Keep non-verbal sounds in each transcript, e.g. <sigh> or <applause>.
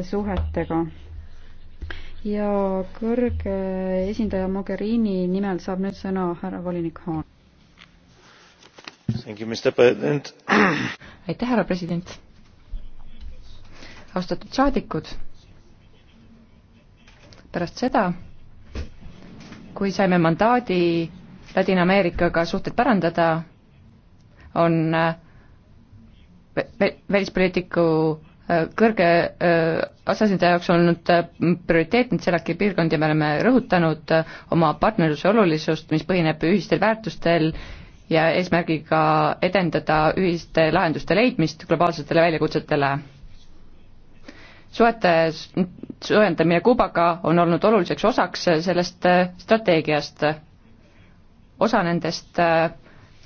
suhetega. ja kõrge esindaja Mogherini nimel saab nüüd sõna härra volinik Haan. aitäh, härra president. austatud saadikud, pärast seda, kui saime mandaadi Ladina-Ameerikaga suhteid parandada, on äh, välispoliitiku kõrge äh, asesindaja jaoks olnud äh, prioriteetne CELAC-i piirkond ja me oleme rõhutanud äh, oma partnerluse olulisust, mis põhineb ühistel väärtustel ja eesmärgiga edendada ühiste lahenduste leidmist globaalsetele väljakutsetele. suhete soojendamine Kuubaga on olnud oluliseks osaks sellest strateegiast. osa nendest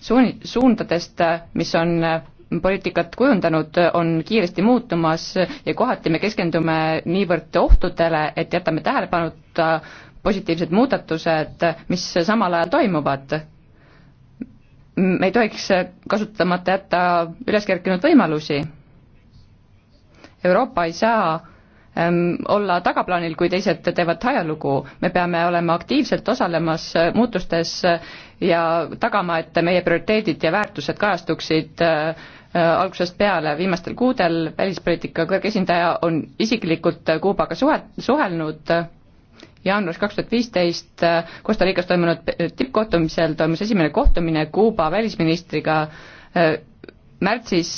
suuni-, suundadest, mis on poliitikat kujundanud, on kiiresti muutumas ja kohati me keskendume niivõrd ohtudele, et jätame tähelepanuta positiivsed muudatused, mis samal ajal toimuvad. me ei tohiks kasutamata jätta üles kerkinud võimalusi. Euroopa ei saa Ähm, olla tagaplaanil, kui teised teevad ajalugu. me peame olema aktiivselt osalemas äh, muutustes äh, ja tagama, et meie prioriteedid ja väärtused kajastuksid äh, algusest peale, viimastel kuudel välispoliitika kõrge esindaja on isiklikult Kuubaga suhe, suhelnud, jaanuaris kaks tuhat viisteist Costa Ricas toimunud tippkohtumisel toimus esimene kohtumine Kuuba välisministriga, märtsis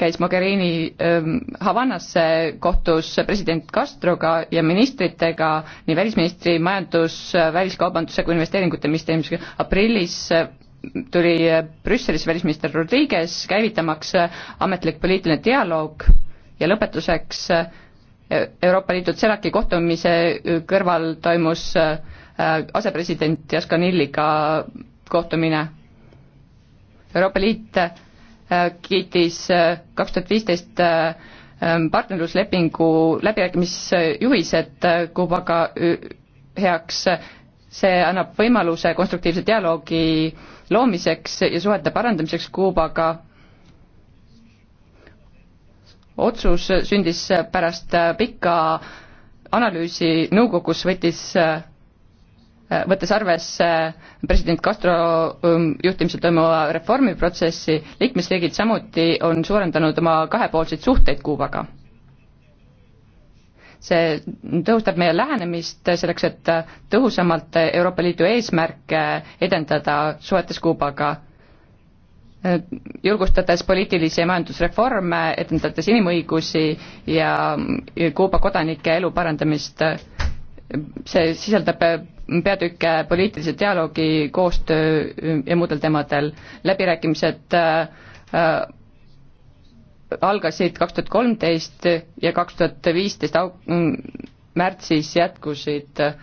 käis Mogherini ähm, Havannasse, kohtus president Castroga ja ministritega, nii välisministri, majandus, väliskaubanduse kui investeeringute ministeeriumiga, aprillis äh, tuli äh, Brüsselisse välisminister Rodriguez, käivitamaks äh, ametlik poliitiline dialoog ja lõpetuseks Euroopa Liidu CELAC-i kohtumise kõrval toimus asepresident Jaskanilliga kohtumine. Euroopa Liit Äh, kiitis äh, kaks tuhat viisteist äh, ähm, partnerluslepingu läbirääkimisjuhised Kuubaga heaks, see annab võimaluse konstruktiivse dialoogi loomiseks ja suhete parandamiseks Kuubaga. otsus sündis pärast pikka analüüsi, nõukogus võttis Äh, võttes arvesse äh, president Castro ähm, juhtimisel toimuva reformiprotsessi, liikmesriigid samuti on suurendanud oma kahepoolseid suhteid Kuubaga. see tõhustab meie lähenemist selleks, et tõhusamalt Euroopa Liidu eesmärke edendada suhetes Kuubaga, äh, julgustades poliitilisi ja majandusreforme, edendades inimõigusi ja Kuuba kodanike elu parandamist, see sisaldab peatükke poliitilise dialoogi, koostöö ja muudel teemadel. läbirääkimised äh, äh, algasid kaks tuhat kolmteist ja kaks tuhat viisteist märtsis jätkusid äh,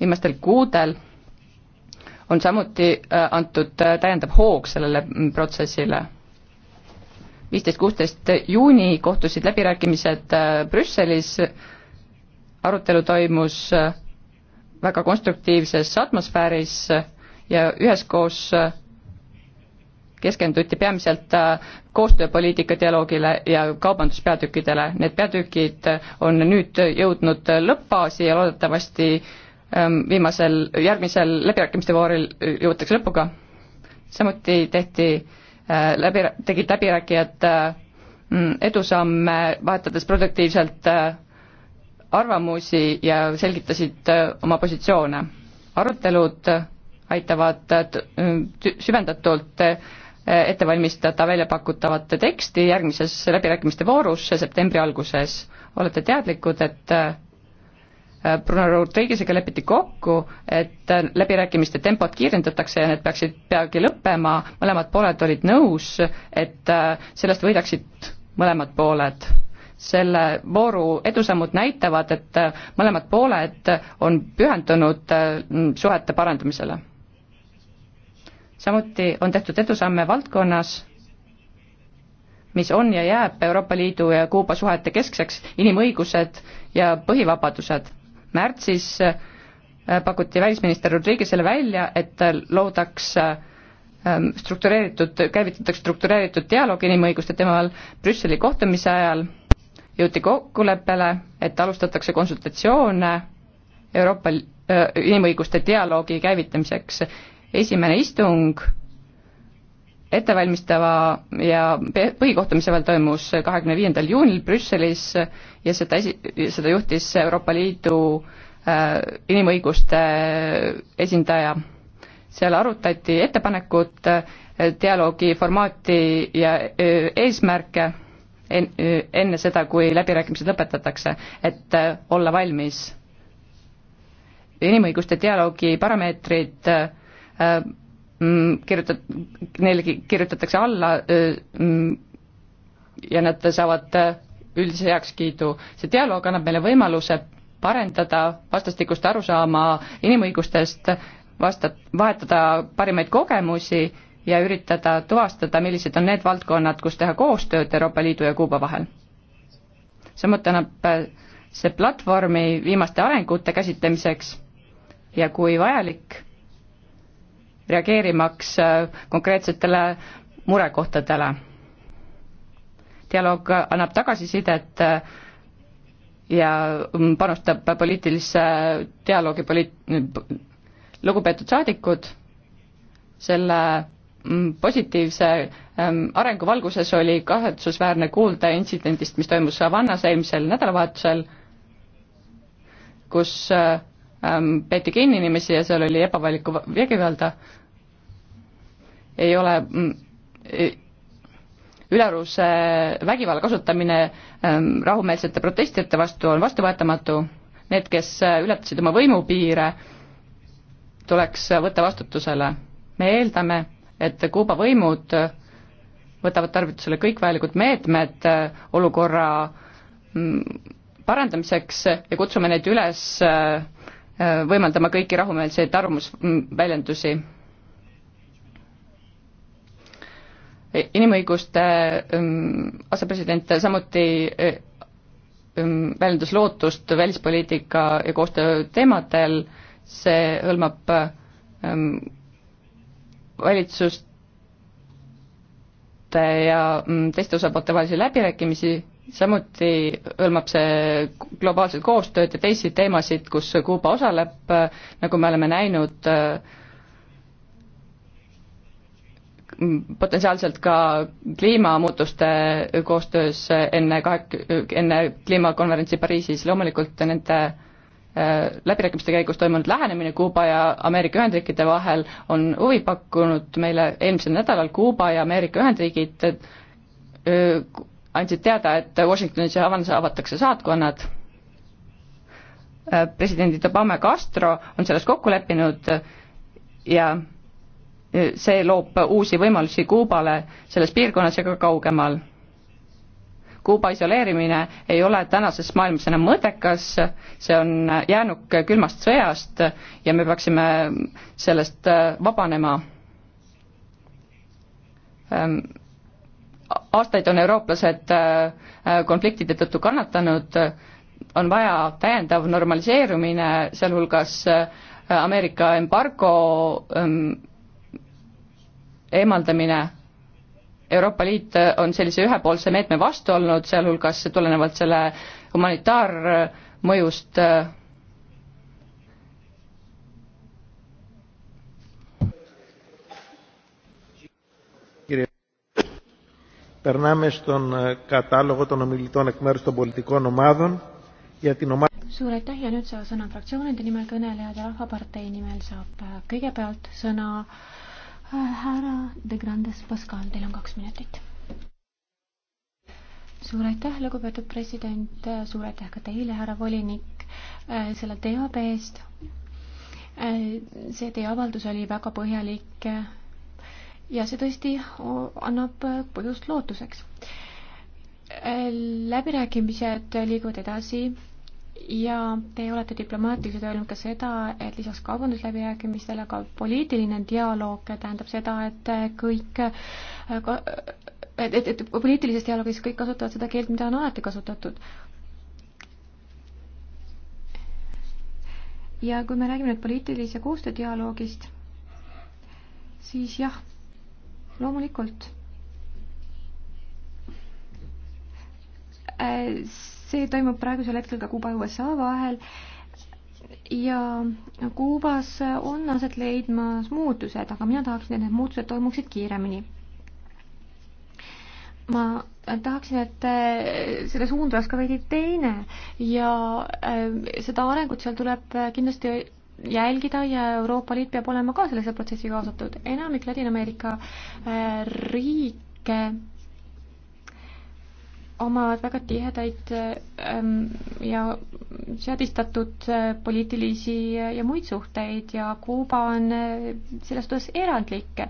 viimastel kuudel, on samuti antud täiendav hoog sellele mm, protsessile. viisteist, kuusteist juuni kohtusid läbirääkimised Brüsselis, arutelu toimus väga konstruktiivses atmosfääris ja üheskoos keskenduti peamiselt äh, koostööpoliitika dialoogile ja kaubanduspeatükkidele. Need peatükid on nüüd jõudnud lõppfaasi ja loodetavasti ähm, viimasel, järgmisel läbirääkimiste vooril jõutakse lõpuga. samuti tehti äh, läbi, tegid läbirääkijad äh, mm, edusamme, vahetades produktiivselt arvamusi ja selgitasid äh, oma positsioone. arutelud aitavad äh, süvendatult äh, ettevalmistada väljapakutavat teksti järgmises läbirääkimiste voorus septembri alguses. olete teadlikud, et Bruno Rodriguez'ga lepiti kokku, et läbirääkimiste tempot kiirendatakse ja need peaksid peagi lõppema, mõlemad pooled olid nõus, et sellest võidaksid mõlemad pooled selle vooru edusammud näitavad, et äh, mõlemad pooled on pühendunud äh, suhete parandamisele. samuti on tehtud edusamme valdkonnas, mis on ja jääb Euroopa Liidu ja Kuuba suhete keskseks, inimõigused ja põhivabadused. märtsis äh, pakuti välisminister Rodriguez'ile välja, et loodaks ähm, struktureeritud, käivitataks struktureeritud dialoog inimõiguste teemal Brüsseli kohtumise ajal jõuti kokkuleppele, et alustatakse konsultatsioone Euroopa inimõiguste dialoogi käivitamiseks. esimene istung ettevalmistava ja põhikohtumise vahel toimus kahekümne viiendal juunil Brüsselis ja seda esi-, seda juhtis Euroopa Liidu inimõiguste esindaja. seal arutati ettepanekut, dialoogi formaati ja eesmärke enne seda, kui läbirääkimised lõpetatakse, et äh, olla valmis. inimõiguste dialoogi parameetrid äh, mm, kirjutat-, neile kirjutatakse alla äh, mm, ja nad saavad üldise heakskiidu. see dialoog annab meile võimaluse parendada vastastikust arusaama inimõigustest, vasta-, vahetada parimaid kogemusi ja üritada tuvastada, millised on need valdkonnad, kus teha koostööd Euroopa Liidu ja Kuuba vahel. samuti annab äh, see platvormi viimaste arengute käsitlemiseks ja kui vajalik, reageerimaks äh, konkreetsetele murekohtadele. dialoog annab tagasisidet äh, ja mm, panustab poliitilisse dialoogi poliit-, lugupeetud saadikud, selle Mm, positiivse ähm, arengu valguses oli kahetsusväärne kuulda intsidendist, mis toimus Savannas eelmisel nädalavahetusel, kus äh, ähm, peeti kinni inimesi ja seal oli ebavajalikku vägivalda, ei ole mm, e, ülearuse vägivalla kasutamine ähm, rahumeelsete protestijate vastu on vastuvõetamatu, need, kes äh, ületasid oma võimupiire, tuleks äh, võtta vastutusele. me eeldame, et Kuuba võimud võtavad tarvitusele kõik vajalikud meetmed äh, olukorra mm, parandamiseks ja kutsume neid üles äh, äh, võimaldama kõiki rahumeelseid arvamusväljendusi. inimõiguste mm, asepresident samuti mm, väljendas lootust välispoliitika ja koostöö teemadel, see hõlmab valitsuste ja mm, teiste osapoolte vahelisi läbirääkimisi, samuti hõlmab see globaalset koostööd ja teisi teemasid, kus Kuuba osaleb, nagu me oleme näinud, potentsiaalselt ka kliimamuutuste koostöös enne kahe, enne kliimakonverentsi Pariisis, loomulikult nende Äh, läbirääkimiste käigus toimunud lähenemine Kuuba ja Ameerika Ühendriikide vahel on huvi pakkunud meile eelmisel nädalal Kuuba ja Ameerika Ühendriigid andsid teada, et Washingtonis ja Havanas avatakse saatkonnad. Äh, presidendid Obama ja Castro on selles kokku leppinud ja see loob uusi võimalusi Kuubale selles piirkonnas ja ka kaugemal Kuuba isoleerimine ei ole tänases maailmas enam mõttekas, see on jäänuk külmast sõjast ja me peaksime sellest äh, vabanema. Ähm, aastaid on eurooplased äh, äh, konfliktide tõttu kannatanud, on vaja täiendav normaliseerumine, sealhulgas Ameerika embargo ähm, eemaldamine Euroopa Liit on sellise ühepoolse meetme vastu olnud, sealhulgas tulenevalt selle humanitaarmõjust Περνάμε στον κατάλογο των ομιλητών εκ μέρους των πολιτικών ομάδων για την ομάδα... Suur aitäh ja nüüd saab sõna fraktsioonide nimel kõnelejad ja Rahvapartei nimel saab kõigepealt sõna äh, härra De Grandes Pascal, teil on kaks minutit. suur aitäh, lugupeetud president, suur aitäh ka teile, härra volinik, äh, selle teabe eest. Äh, see teie avaldus oli väga põhjalik äh, ja see tõesti annab põhjust lootuseks. läbirääkimised liiguvad edasi ja te olete diplomaatiliselt öelnud ka seda, et lisaks kaubandusläbirääkimistele ka poliitiline dialoog tähendab seda, et kõik et, et, et poliitilises dialoogis kõik kasutavad seda keelt, mida on alati kasutatud. ja kui me räägime nüüd poliitilise koostöö dialoogist, siis jah, loomulikult äh, see toimub praegusel hetkel ka Kuuba ja USA vahel ja Kuubas on aset leidmas muutused, aga mina tahaksin, et need muutused toimuksid kiiremini. ma tahaksin, et eh, selle suund oleks ka veidi teine ja eh, seda arengut seal tuleb kindlasti jälgida ja Euroopa Liit peab olema ka sellesse protsessi kaasatud. enamik Ladina-Ameerika eh, riike omavad väga tihedaid ähm, ja seadistatud äh, poliitilisi äh, ja muid suhteid ja Kuuba on äh, selles suhtes erandlik.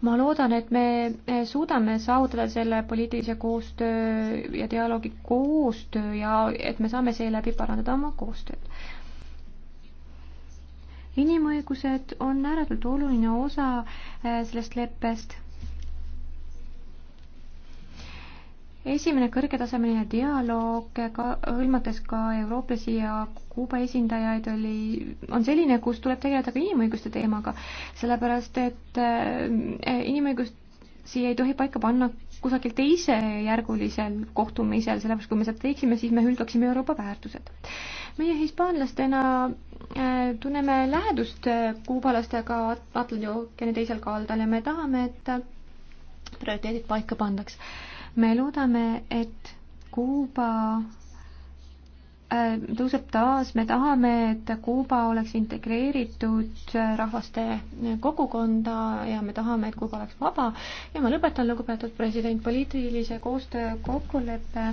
ma loodan, et me suudame saavutada selle poliitilise koostöö ja dialoogi koostöö ja et me saame seeläbi parandada oma koostööd. inimõigused on ääretult oluline osa sellest leppest esimene kõrgetasemeline dialoog ka hõlmates ka eurooplasi ja Kuuba esindajaid oli, on selline, kus tuleb tegeleda ka inimõiguste teemaga, sellepärast et äh, inimõigusi ei tohi paika panna kusagil teisejärgulisel kohtumisel, sellepärast kui me seda teeksime, siis me hülgaksime Euroopa väärtused. meie hispaanlastena äh, tunneme lähedust äh, kuubalastega Atlandi ookeani teisel kaldal ja me tahame, et prioriteedid paika pandaks me loodame, et Kuuba Äh, tõuseb taas, me tahame, et Kuuba oleks integreeritud äh, rahvaste äh, kogukonda ja me tahame, et Kuuba oleks vaba ja ma lõpetan, lugupeetud president, poliitilise koostöö kokkulepe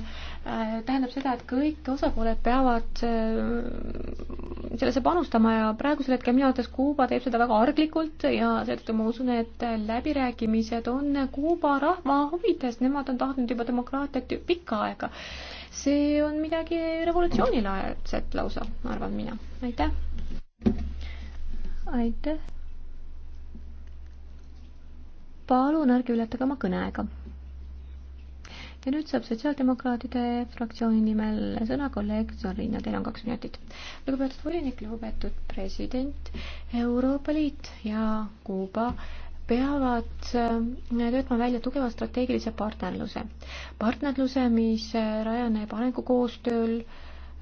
tähendab seda, et kõik osapooled peavad sellesse panustama ja praegusel hetkel minu arvates Kuuba teeb seda väga arglikult ja seetõttu ma usun, et läbirääkimised on Kuuba rahva huvides, nemad on tahtnud juba demokraatiat pikka aega see on midagi revolutsioonilaadset lausa, arvan mina. aitäh. aitäh. palun ärge ületage oma kõneaega. ja nüüd saab Sotsiaaldemokraatide fraktsiooni nimel sõna kolleeg Zorina, teil on kaks minutit. lugupeetud volinik, lugupeetud president, Euroopa Liit ja Kuuba äh, peavad äh, töötama välja tugeva strateegilise partnerluse. partnerluse, mis äh, rajaneb arengukoostööl,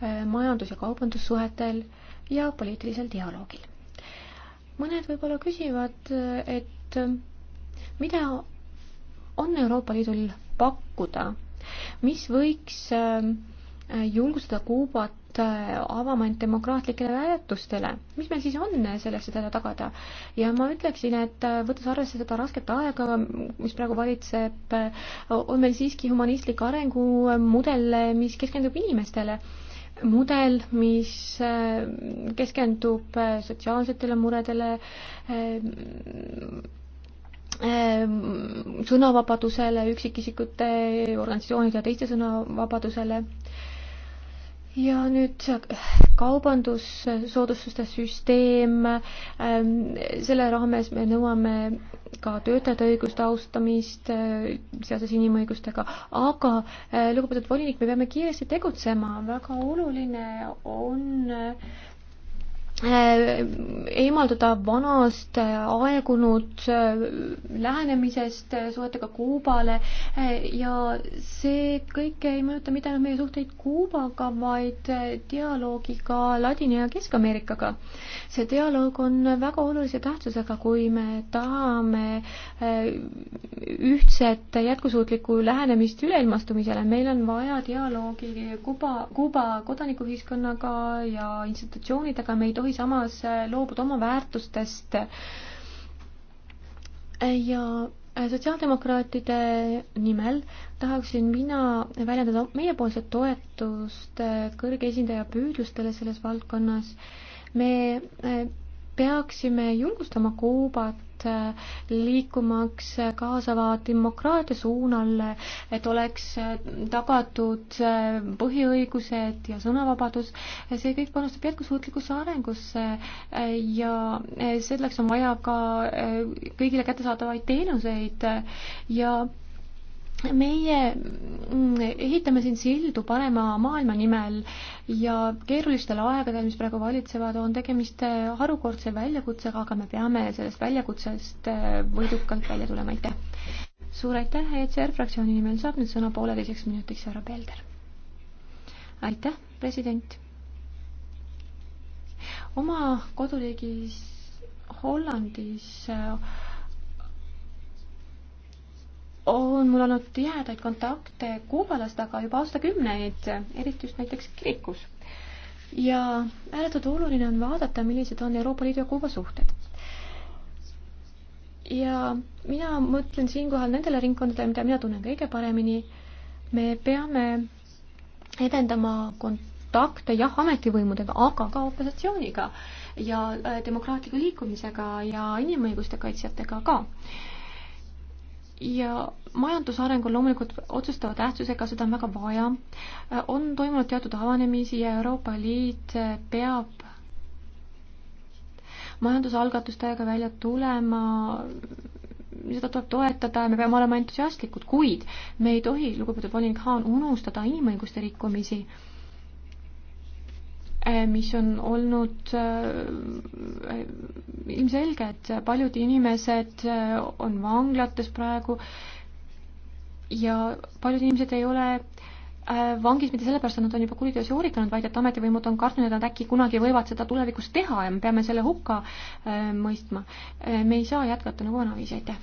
äh, majandus- ja kaubandussuhetel ja poliitilisel dialoogil. mõned võib-olla küsivad, et mida on Euroopa Liidul pakkuda, mis võiks julgustada Kuubat äh, avama end demokraatlikele väärtustele. mis meil siis on äh, selleks seda tagada? ja ma ütleksin, et äh, võttes arvesse seda rasket aega, mis praegu valitseb, on meil siiski humanistlik arengumudel, mis keskendub inimestele mudel, mis keskendub sotsiaalsetele muredele, sõnavabadusele, üksikisikute, organisatsioonide ja teiste sõnavabadusele ja nüüd kaubandussoodustuste süsteem, ähm, selle raames me nõuame ka töötajate õiguste austamist äh, seoses inimõigustega, aga äh, lugupeetud volinik, me peame kiiresti tegutsema, väga oluline on äh, Äh, eemalduda vanast äh, aegunud äh, lähenemisest suhetega Kuubale ja see kõik ei mõjuta mitte ainult meie suhteid Kuubaga, vaid dialoogi ka Ladina- ja Kesk-Ameerikaga. see dialoog on väga olulise tähtsusega, kui me tahame ühtset jätkusuutlikku lähenemist üleilmastumisele. meil on vaja dialoogi Kuuba, Kuuba kodanikuühiskonnaga ja institutsioonidega, me ei tohi kui samas äh, loobud oma väärtustest. Äh, ja äh, sotsiaaldemokraatide nimel tahaksin mina väljendada meiepoolset toetust kõrge esindaja püüdlustele selles valdkonnas. me peaksime julgustama Kuubat pidevalt äh, liikumaks äh, kaasava demokraatia suunal, et oleks äh, tagatud põhiõigused ja sõnavabadus. see kõik panustab jätkusuutlikusse arengusse ja selleks on vaja ka kõigile kättesaadavaid teenuseid ja meie mm, ehitame siin sildu parema maailma nimel ja keerulistel aegadel, mis praegu valitsevad, on tegemist äh, harukordse väljakutsega, aga me peame sellest väljakutsest äh, võidukalt välja tulema, aitäh! suur aitäh, ECR fraktsiooni nimel saab nüüd sõna pooleteiseks minutiks härra Pelder. aitäh, president! oma koduriigis Hollandis äh, on mul olnud tihedaid kontakte kuubalastega juba aastakümneid, eriti just näiteks kirikus. ja ääretult oluline on vaadata, millised on Euroopa Liidu ja Kuuba suhted. ja mina mõtlen siinkohal nendele ringkondadele, mida mina tunnen kõige paremini. me peame edendama kontakte jah, ametivõimudega, aga ka opositsiooniga ja äh, demokraatliku liikumisega ja inimõiguste kaitsjatega ka ja majandusareng on loomulikult otsustava tähtsusega, seda on väga vaja. on toimunud teatud avanemisi ja Euroopa Liit peab majandusalgatustega välja tulema, seda tuleb toetada ja me peame olema entusiastlikud, kuid me ei tohi, lugupeetud volinik Haan, unustada inimõiguste rikkumisi Äh, mis on olnud äh, ilmselge, et paljud inimesed äh, on vanglates praegu ja paljud inimesed ei ole vangis mitte sellepärast, et nad on juba kuriteo sooritanud, vaid et ametivõimud on kartnud, et nad äkki kunagi võivad seda tulevikus teha ja me peame selle hukka mõistma. me ei saa jätkata nagu vanaviisi, aitäh.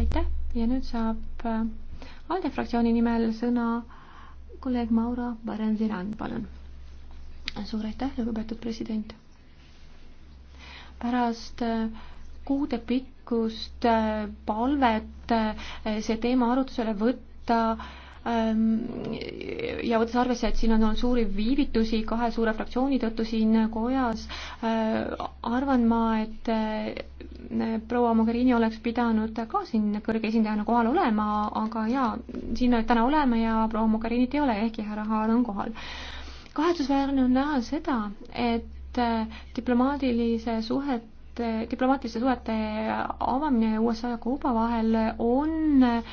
aitäh ja nüüd saab ALDE fraktsiooni nimel sõna kolleeg Maura Barenziran, palun suur aitäh, lugupeetud president. pärast äh, kuudepikkust äh, palvet äh, see teema arutusele võtta ähm, ja võttes arvesse, et siin on olnud suuri viivitusi kahe suure fraktsiooni tõttu siin kojas, arvan ma, et proua Mogherini oleks pidanud ka siin kõrge esindajana kohal olema, aga jaa, siin täna oleme ja proua Mogherinit ei ole, ehkki härra Haan on kohal kahetsusväärne on näha seda, et äh, diplomaatilise suhet diplomaatiliste suhete avamine USA ja Kuuba vahel on äh,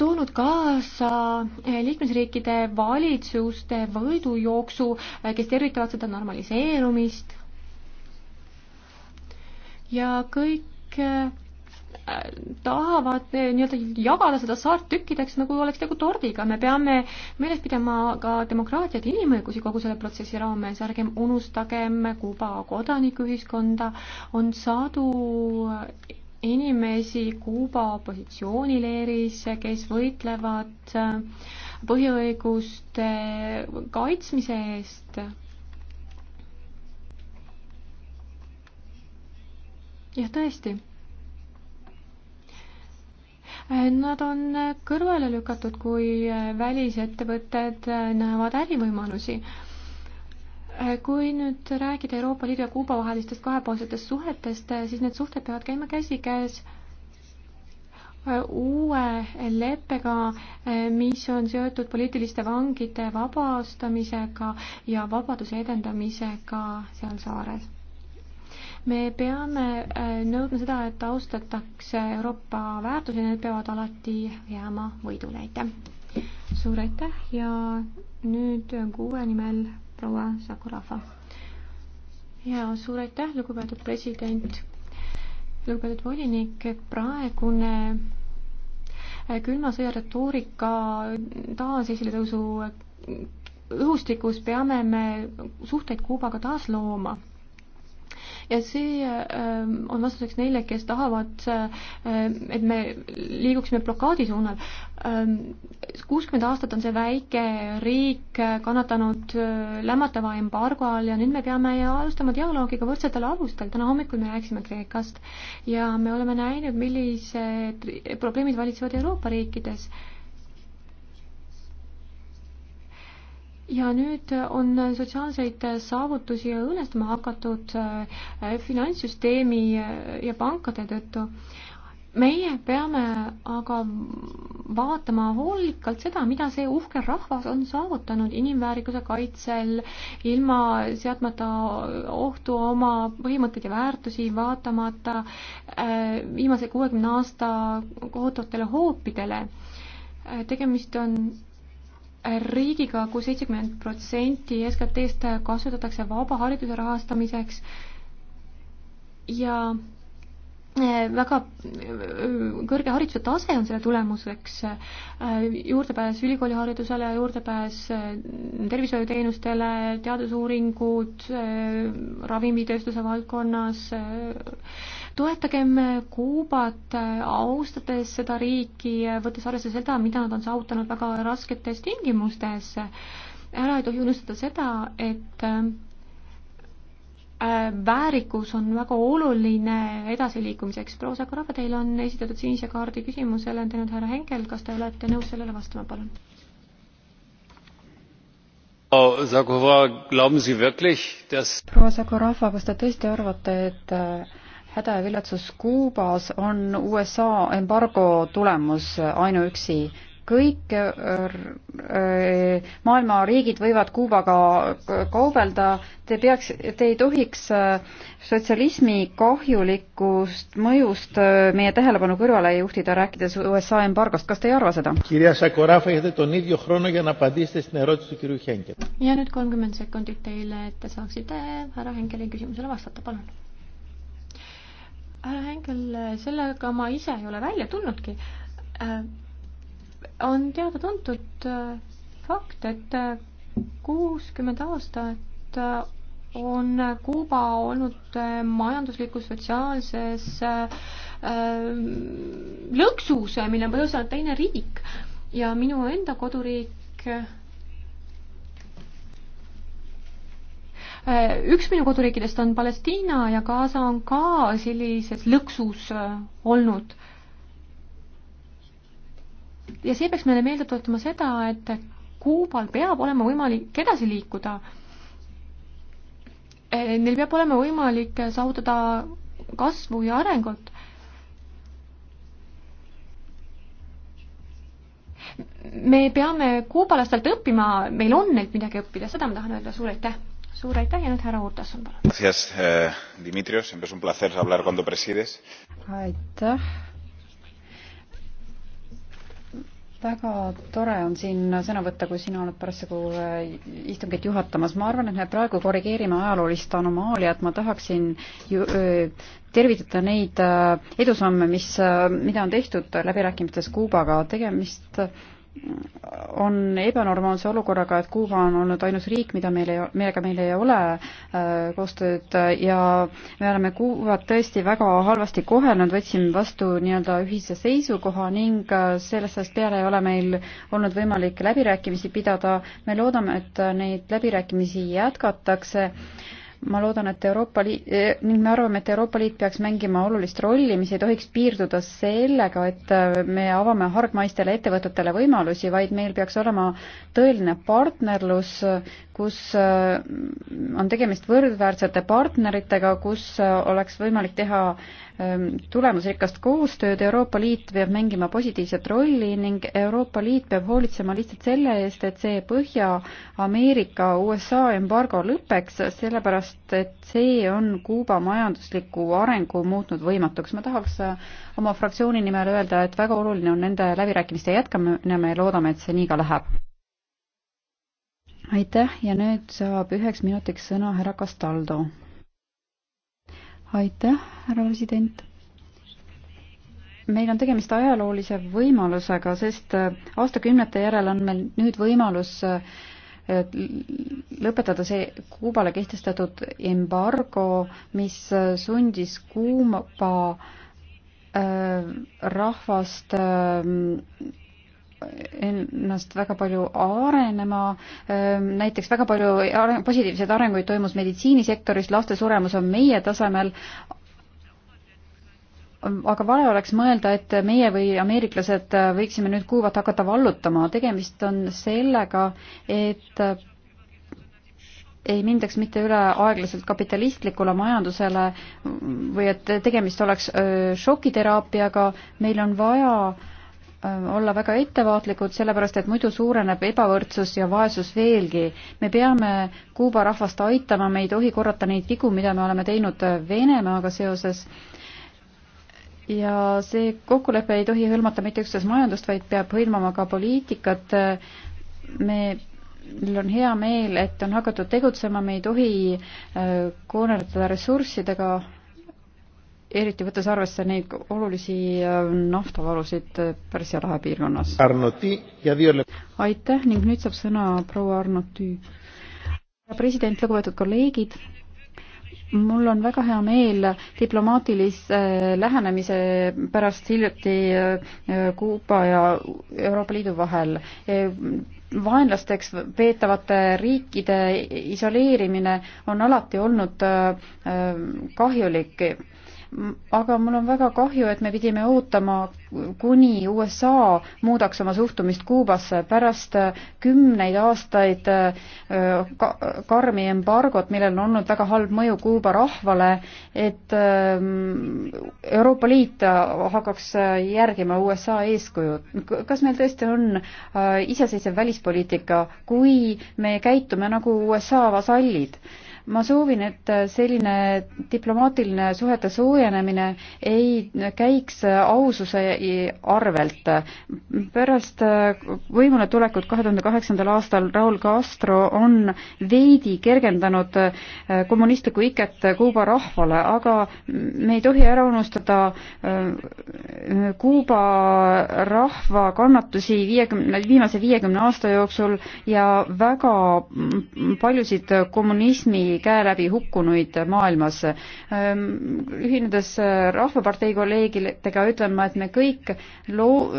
toonud kaasa äh, liikmesriikide valitsuste võidujooksu, kes tervitavad seda normaliseerumist. ja kõik tahavad eh, nii-öelda jagada seda saart tükkideks, nagu oleks tegu tordiga, me peame meeles pidama ka demokraatiat, inimõigusi kogu selle protsessi raames, ärgem unustagem Kuuba kodanikuühiskonda, on sadu inimesi Kuuba opositsioonileeris, kes võitlevad eh, põhiõiguste kaitsmise eest jah, tõesti. Nad on kõrvale lükatud, kui välisettevõtted näevad ärivõimalusi. kui nüüd rääkida Euroopa Liidu ja Kuuba vahelistest kahepoolsetest suhetest, siis need suhted peavad käima käsikäes uue leppega, mis on seotud poliitiliste vangide vabastamisega ja vabaduse edendamisega seal saarel me peame äh, nõudma seda, et austatakse Euroopa väärtusi, need peavad alati jääma võidule, aitäh. suur aitäh ja nüüd kuue nimel proua Sakurafa. ja suur aitäh, lugupeetud president, lugupeetud volinik, praegune äh, külma sõja retoorika taasesiletõusu õhustikus peame me suhteid Kuubaga taas looma ja see ähm, on vastuseks neile, kes tahavad, äh, et me liiguksime blokaadi suunal. Ähm, kuuskümmend aastat on see väike riik äh, kannatanud äh, lämmatava embargo all ja nüüd me peame alustama dialoogi ka võrdsetel alustel. täna hommikul me rääkisime Kreekast ja me oleme näinud, millised probleemid valitsevad Euroopa riikides ja nüüd on sotsiaalseid saavutusi õõnestama hakatud äh, finantssüsteemi ja pankade tõttu. meie peame aga vaatama hoolikalt seda, mida see uhke rahvas on saavutanud inimväärikuse kaitsel, ilma seadmata ohtu oma põhimõtteid ja väärtusi, vaatamata äh, viimase kuuekümne aasta kohutavatele hoopidele. Äh, tegemist on riigiga kus, kus seitsekümmend protsenti SKT-st kasutatakse vaba hariduse rahastamiseks ja eh, väga eh, kõrge hariduse tase on selle tulemuseks, eh, juurdepääs ülikooliharidusele, juurdepääs tervishoiuteenustele, teadusuuringud ravimitööstuse valdkonnas, toetagem Kuubat, austades seda riiki, võttes arvesse seda, mida nad on saavutanud väga rasketes tingimustes. ära ei tohi unustada seda, et äh, väärikus on väga oluline edasiliikumiseks. proua Sakuraba, teil on esitatud sinise kaardi küsimus, selle on teinud härra Henkel, kas te olete nõus sellele vastama, palun? proua Sakuraba, kas te tõesti arvate, et äh, häda ja viletsus Kuubas on USA embargo tulemus ainuüksi kõik äh, äh, maailma riigid võivad Kuubaga kaubelda, te peaks, te ei tohiks äh, sotsialismi kahjulikust mõjust meie tähelepanu kõrvale juhtida, rääkides USA embargost, kas te ei arva seda? ja nüüd kolmkümmend sekundit teile, et te saaksite härra Henkeli küsimusele vastata, palun härra Henkel, sellega ma ise ei ole välja tulnudki. Äh, on teada-tuntud äh, fakt, et äh, kuuskümmend aastat on Kuuba olnud majanduslikus, sotsiaalses lõksus, mille põhjusel on teine riik ja minu enda koduriik Äh, üks minu koduriikidest on Palestiina ja Gaza on ka sellises lõksus äh, olnud. ja see peaks meile meelde tuletama seda, et Kuubal peab olema võimalik edasi liikuda. Äh, neil peab olema võimalik saavutada kasvu ja arengut. me peame kuubalastelt õppima, meil on neilt midagi õppida, seda ma tahan öelda, suur aitäh! suur aitäh ja nüüd härra Urtasun, palun. Eh, aitäh väga tore on siin sõna võtta, kui sina oled parasjagu eh, istungit juhatamas. ma arvan, et me praegu korrigeerime ajaloolist anomaaliat. ma tahaksin ju, eh, tervitada neid edusamme, mis, mida on tehtud läbirääkimistes Kuubaga. tegemist on ebanormaalse olukorraga, et Kuuba on olnud ainus riik, mida meil ei, millega meil ei ole äh, koostööd ja me oleme Kuubat tõesti väga halvasti kohelnud, võtsime vastu nii-öelda ühise seisukoha ning äh, sellest ajast peale ei ole meil olnud võimalik läbirääkimisi pidada. me loodame, et äh, neid läbirääkimisi jätkatakse ma loodan, et Euroopa Liit eh,, ning me arvame, et Euroopa Liit peaks mängima olulist rolli, mis ei tohiks piirduda sellega, et eh, me avame hargmaistele ettevõtetele võimalusi, vaid meil peaks olema tõeline partnerlus, kus eh, on tegemist võrdväärsete partneritega, kus eh, oleks võimalik teha Ehm, tulemusrikast koostööd, Euroopa Liit peab mängima positiivset rolli ning Euroopa Liit peab hoolitsema lihtsalt selle eest, et see Põhja-Ameerika USA embargo lõpeks, sellepärast et see on Kuuba majandusliku arengu muutnud võimatuks. ma tahaks äh, oma fraktsiooni nimel öelda, et väga oluline on nende läbirääkimiste jätkamine, me loodame, et see nii ka läheb. aitäh ja nüüd saab üheks minutiks sõna härra Castaldo aitäh, härra president meil on tegemist ajaloolise võimalusega, sest äh, aastakümnete järel on meil nüüd võimalus äh, lõpetada see Kuubale kehtestatud embargo, mis äh, sundis Kuuba rahvast ennast väga palju arenema, ehm, näiteks väga palju areng, positiivseid arenguid toimus meditsiinisektoris, laste suremus on meie tasemel, aga vale oleks mõelda, et meie või ameeriklased võiksime nüüd Kuubat hakata vallutama, tegemist on sellega, et ei mindaks mitte üle aeglaselt kapitalistlikule majandusele või et tegemist oleks šokiteraapiaga, meil on vaja äh, Äh, olla väga ettevaatlikud, sellepärast et muidu suureneb ebavõrdsus ja vaesus veelgi. me peame Kuuba rahvast aitama, me ei tohi korrata neid vigu, mida me oleme teinud Venemaaga seoses. ja see kokkulepe ei tohi hõlmata mitte üksnes majandust, vaid peab hõlmama ka poliitikat. me meil on hea meel, et on hakatud tegutsema, me ei tohi äh, koonerdada ressurssidega, eriti võttes arvesse neid olulisi äh, naftavarusid äh, Pärsia lahe piirkonnas. aitäh ning nüüd saab sõna proua Arnoti. president, lugupeetud kolleegid, mul on väga hea meel diplomaatilise äh, lähenemise pärast hiljuti Kuuba ja Euroopa Liidu vahel vaenlasteks peetavate riikide isoleerimine on alati olnud kahjulik aga mul on väga kahju, et me pidime ootama kuni USA muudaks oma suhtumist Kuubasse pärast kümneid aastaid äh, ka karmi embargot, millel on olnud väga halb mõju Kuuba rahvale, et ähm, Euroopa Liit hakkaks järgima USA eeskuju. kas meil tõesti on äh, iseseisev välispoliitika, kui me käitume nagu USA vasallid? ma soovin, et selline diplomaatiline suhete soojenemine ei käiks aususe arvelt. pärast võimule tulekut kahe tuhande kaheksandal aastal Raul Castro on veidi kergendanud äh, kommunistlikku iket Kuuba rahvale, aga me ei tohi ära unustada äh, Kuuba rahva kannatusi viiekümne, viimase viiekümne aasta jooksul ja väga paljusid kommunismi käe läbi hukkunuid maailmas. Äh, ühinedes Rahvapartei kolleegidega ütlen ma, et me kõik kõik loo-,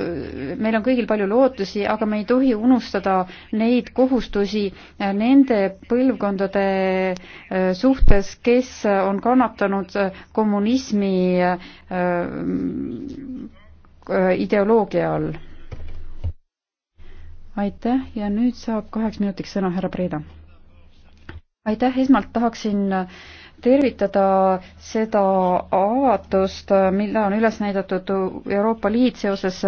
meil on kõigil palju lootusi, aga me ei tohi unustada neid kohustusi äh, nende põlvkondade äh, suhtes, kes äh, on kannatanud kommunismi ideoloogia all. aitäh ja nüüd saab kaheks minutiks sõna härra Preeda. aitäh, esmalt tahaksin äh, tervitada seda avatust, mille on üles näidatud Euroopa Liit seoses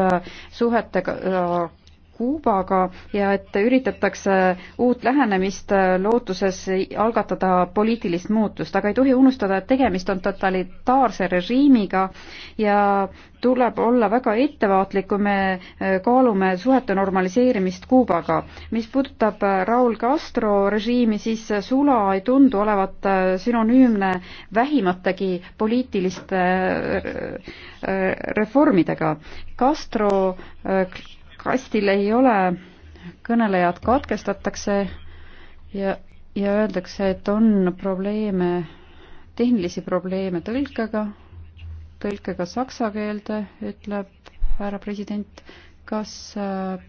suhetega Kuubaga ja et üritatakse uut lähenemist lootuses algatada poliitilist muutust, aga ei tohi unustada, et tegemist on totalitaarse režiimiga ja tuleb olla väga ettevaatlik, kui me kaalume suhete normaliseerimist Kuubaga. mis puudutab Raul Castro režiimi, siis sula ei tundu olevat sünonüümne vähimategi poliitiliste reformidega. Castro kastil ei ole, kõnelejad katkestatakse ja, ja öeldakse, et on probleeme, tehnilisi probleeme tõlkega, tõlkega saksa keelde, ütleb härra president. kas äh,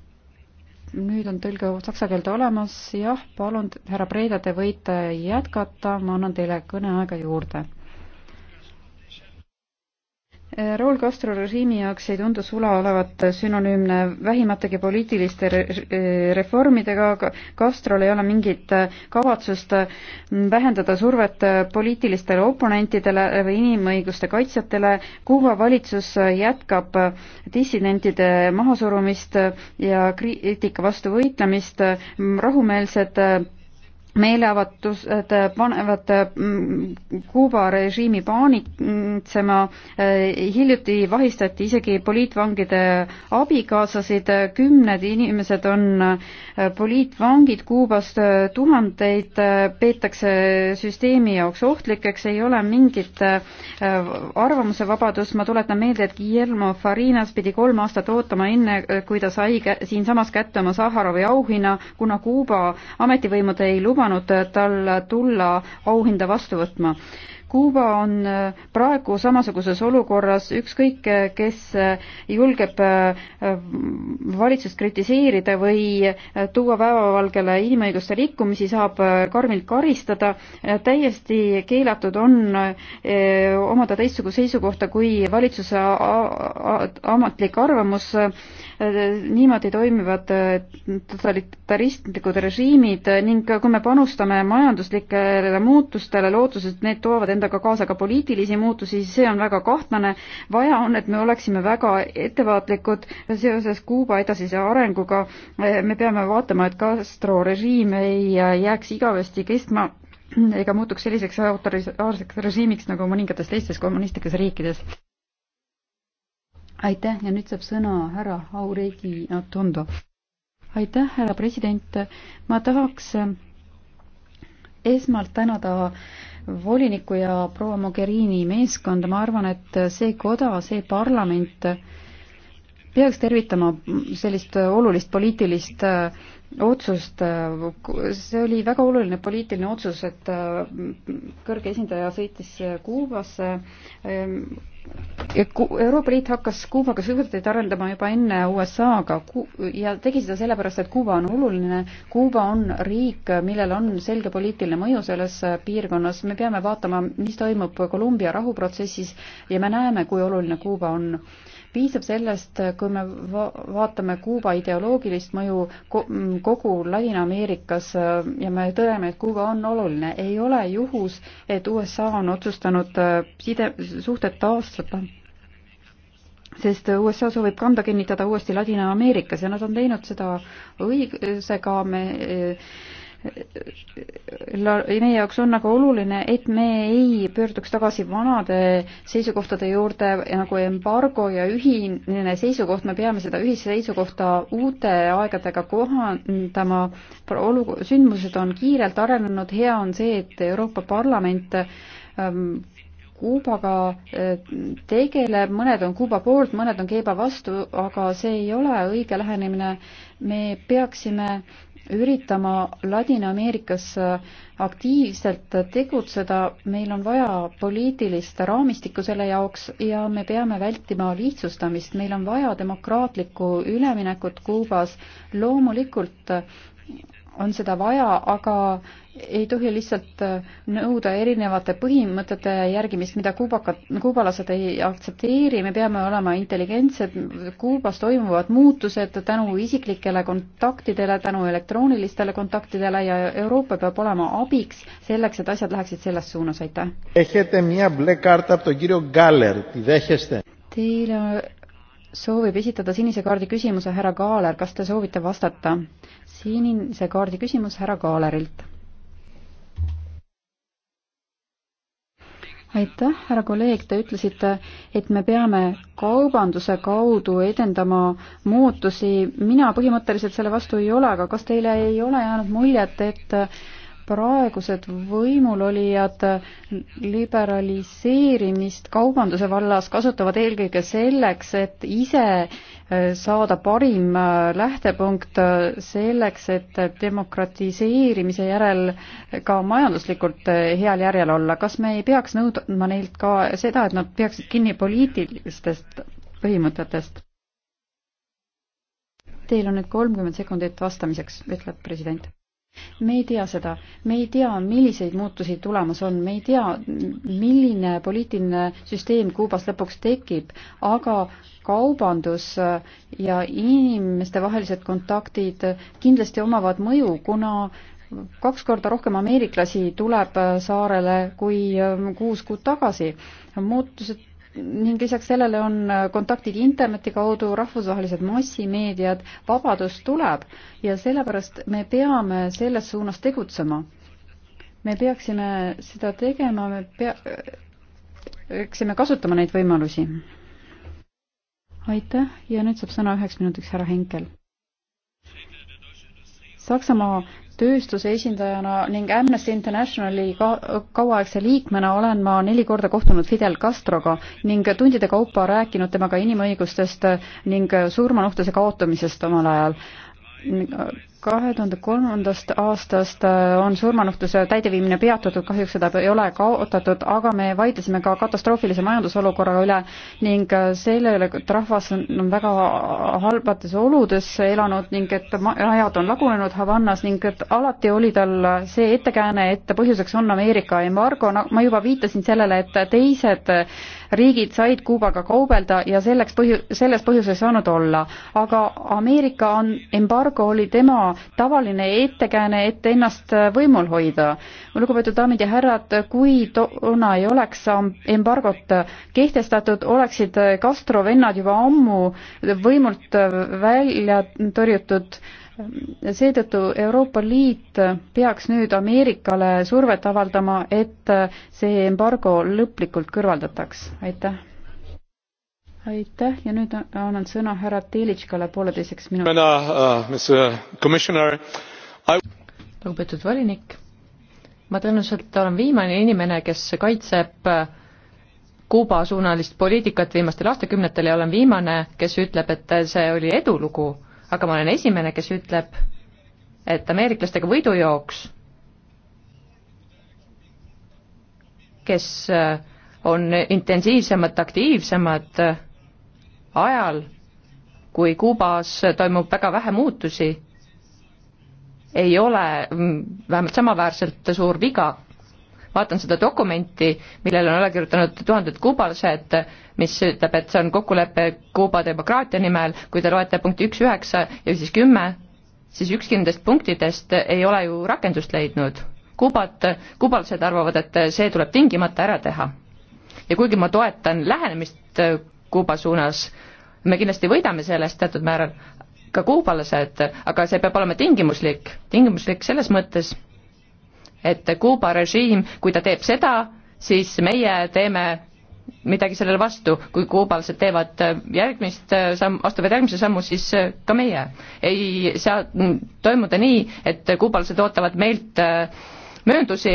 nüüd on tõlge saksa keelde olemas? jah, palun, härra Preida, te võite jätkata, ma annan teile kõneaega juurde Raul Castro režiimi jaoks ei tundu sula olevat sünonüümne vähimategi poliitiliste reformidega. Castrol ei ole mingit kavatsust vähendada survet poliitilistele oponentidele või inimõiguste kaitsjatele. Kuuba valitsus jätkab dissidentide mahasurumist ja kriitika vastu võitlemist. rahumeelsed meeleavatused panevad mm, Kuuba režiimi paanitsema. hiljuti vahistati isegi poliitvangide abikaasasid, kümned inimesed on poliitvangid Kuubas, tuhandeid peetakse süsteemi jaoks ohtlikeks, ei ole mingit arvamusevabadust. ma tuletan meelde, et Guillermo Farinas pidi kolm aastat ootama, enne kui ta sai siinsamas kätte oma Saharovi auhinna, kuna Kuuba ametivõimud ei lubanud lubanud äh, tal tulla auhinda vastu võtma. Kuuba on äh, praegu samasuguses olukorras, ükskõik äh, kes julgeb valitsust kritiseerida või tuua päevavalgele inimõiguste rikkumisi, saab karmilt karistada. täiesti keelatud on omada teistsugust seisukohta kui valitsuse ametlik arvamus Äh, niimoodi toimivad äh, totalitaristlikud režiimid äh, ning kui me panustame majanduslikele muutustele lootuses, et need toovad endaga kaasa ka poliitilisi muutusi, siis see on väga kahtlane. vaja on, et me oleksime väga ettevaatlikud seoses Kuuba edasise arenguga. me peame vaatama, et Castro režiim ei jääks igavesti kestma ega muutuks selliseks autoritaarseks režiimiks nagu mõningates teistes kommunistlikes riikides aitäh ja nüüd saab sõna härra Auregi Atondo. aitäh, härra president, ma tahaks esmalt tänada voliniku ja proua Mogherini meeskonda, ma arvan, et see koda, see parlament peaks tervitama sellist olulist poliitilist äh, otsust, see oli väga oluline poliitiline otsus, et äh, kõrge esindaja sõitis äh, Kuubasse. Äh, Euroopa Liit hakkas Kuubaga suhteid arendama juba enne USA-ga ja tegi seda sellepärast, et Kuuba on oluline. Kuuba on riik, millel on selge poliitiline mõju selles piirkonnas. me peame vaatama, mis toimub Kolumbia rahuprotsessis ja me näeme, kui oluline Kuuba on piisab sellest, kui me va vaatame Kuuba ideoloogilist mõju kogu Ladina-Ameerikas äh, ja me tõdeme, et Kuuba on oluline. ei ole juhus, et USA on otsustanud äh, side, suhted taastada sest USA soovib kanda kinnitada uuesti Ladina-Ameerikas ja nad on teinud seda õigusega, me äh, meie jaoks on aga nagu oluline, et me ei pöörduks tagasi vanade seisukohtade juurde nagu embargo ja ühine seisukoht, me peame seda ühise seisukohta uute aegadega kohandama. olu-, sündmused on kiirelt arenenud, hea on see, et Euroopa Parlament ähm, Kuubaga äh, tegeleb, mõned on Kuuba poolt, mõned on Keeba vastu, aga see ei ole õige lähenemine. me peaksime äh, üritama Ladina-Ameerikas äh, aktiivselt tegutseda, meil on vaja poliitilist raamistikku selle jaoks ja me peame vältima lihtsustamist, meil on vaja demokraatlikku üleminekut Kuubas. loomulikult äh, on seda vaja, aga ei tohi lihtsalt äh, nõuda erinevate põhimõtete järgimist, mida kuubakad, kuubalased ei aktsepteeri, me peame olema intelligentsed, Kuubas toimuvad muutused tänu isiklikele kontaktidele, tänu elektroonilistele kontaktidele ja Euroopa peab olema abiks selleks, et asjad läheksid selles suunas, aitäh. Teile soovib esitada sinise kaardi küsimuse härra Kaaler, kas te soovite vastata? sinise kaardi küsimus härra Kaalerilt. aitäh, härra kolleeg, te ütlesite, et me peame kaubanduse kaudu edendama muutusi. mina põhimõtteliselt selle vastu ei ole, aga kas teile ei ole jäänud muljet, et praegused võimulolijad liberaliseerimist kaubanduse vallas kasutavad eelkõige selleks, et ise äh, saada parim äh, lähtepunkt äh, selleks, et demokratiseerimise järel ka majanduslikult heal järjel olla. kas me ei peaks nõudma neilt ka seda, et nad peaksid kinni poliitilistest põhimõtetest? Teil on nüüd kolmkümmend sekundit vastamiseks, ütleb president me ei tea seda, me ei tea, milliseid muutusi tulemas on, me ei tea, milline poliitiline süsteem Kuubas lõpuks tekib, aga kaubandus ja inimestevahelised kontaktid kindlasti omavad mõju, kuna kaks korda rohkem ameeriklasi tuleb saarele kui kuus kuud tagasi. muutused ning lisaks sellele on kontaktid interneti kaudu, rahvusvahelised massimeediad, vabadus tuleb ja sellepärast me peame selles suunas tegutsema. me peaksime seda tegema, me pea-, peaksime kasutama neid võimalusi. aitäh ja nüüd saab sõna üheks minutiks härra Henkel. Saksamaa tööstuse esindajana ning Amnesty Internationali ka kauaaegse liikmena olen ma neli korda kohtunud Fidel Castroga ning tundide kaupa rääkinud temaga inimõigustest ning surmanuhtluse kaotamisest omal ajal kahe tuhande kolmandast aastast äh, on surmanuhtluse täideviimine peatatud, kahjuks seda ei ole kaotatud, aga me vaidlesime ka katastroofilise majandusolukorra üle ning äh, selle üle, et rahvas on väga halbates oludes elanud ning et majad on lagunenud Havannas ning et alati oli tal see ettekääne, et põhjuseks on Ameerika embargo, no ma juba viitasin sellele, et teised riigid said Kuubaga kaubelda ja selleks põhju-, selles põhjuses saanud olla. aga Ameerika on, embargo oli tema tavaline ettekääne, et ennast võimul hoida. lugupeetud daamid ja härrad, kui toona ei oleks embargot kehtestatud, oleksid Castro vennad juba ammu võimult välja tõrjutud seetõttu Euroopa Liit peaks nüüd Ameerikale survet avaldama, et see embargo lõplikult kõrvaldataks, aitäh aitäh ja nüüd annan sõna härra Telitškale pooleteiseks minutiks. Uh, lugupeetud volinik, ma tõenäoliselt olen viimane inimene, kes kaitseb uh, Kuuba suunalist poliitikat viimastel aastakümnetel ja olen viimane, kes ütleb, et see oli edulugu, aga ma olen esimene, kes ütleb, et ameeriklastega võidujooks, kes uh, on intensiivsemad, aktiivsemad ajal, kui Kuubas toimub väga vähe muutusi, ei ole mm, vähemalt samaväärselt suur viga. vaatan seda dokumenti, millele on alla kirjutanud tuhanded kuubalased, mis ütleb, et see on kokkulepe Kuuba demokraatia nimel, kui te loete punkti üks, üheksa ja siis kümme, siis ükski nendest punktidest ei ole ju rakendust leidnud. Kuubat, kuubalased arvavad, et see tuleb tingimata ära teha. ja kuigi ma toetan lähenemist Kuuba suunas. me kindlasti võidame sellest teatud määral, ka kuubalased, aga see peab olema tingimuslik, tingimuslik selles mõttes, et Kuuba režiim, kui ta teeb seda, siis meie teeme midagi sellele vastu, kui kuubalased teevad järgmist samm, astuvad järgmise sammu, siis ka meie. ei saa toimuda nii, et kuubalased ootavad meilt äh, mööndusi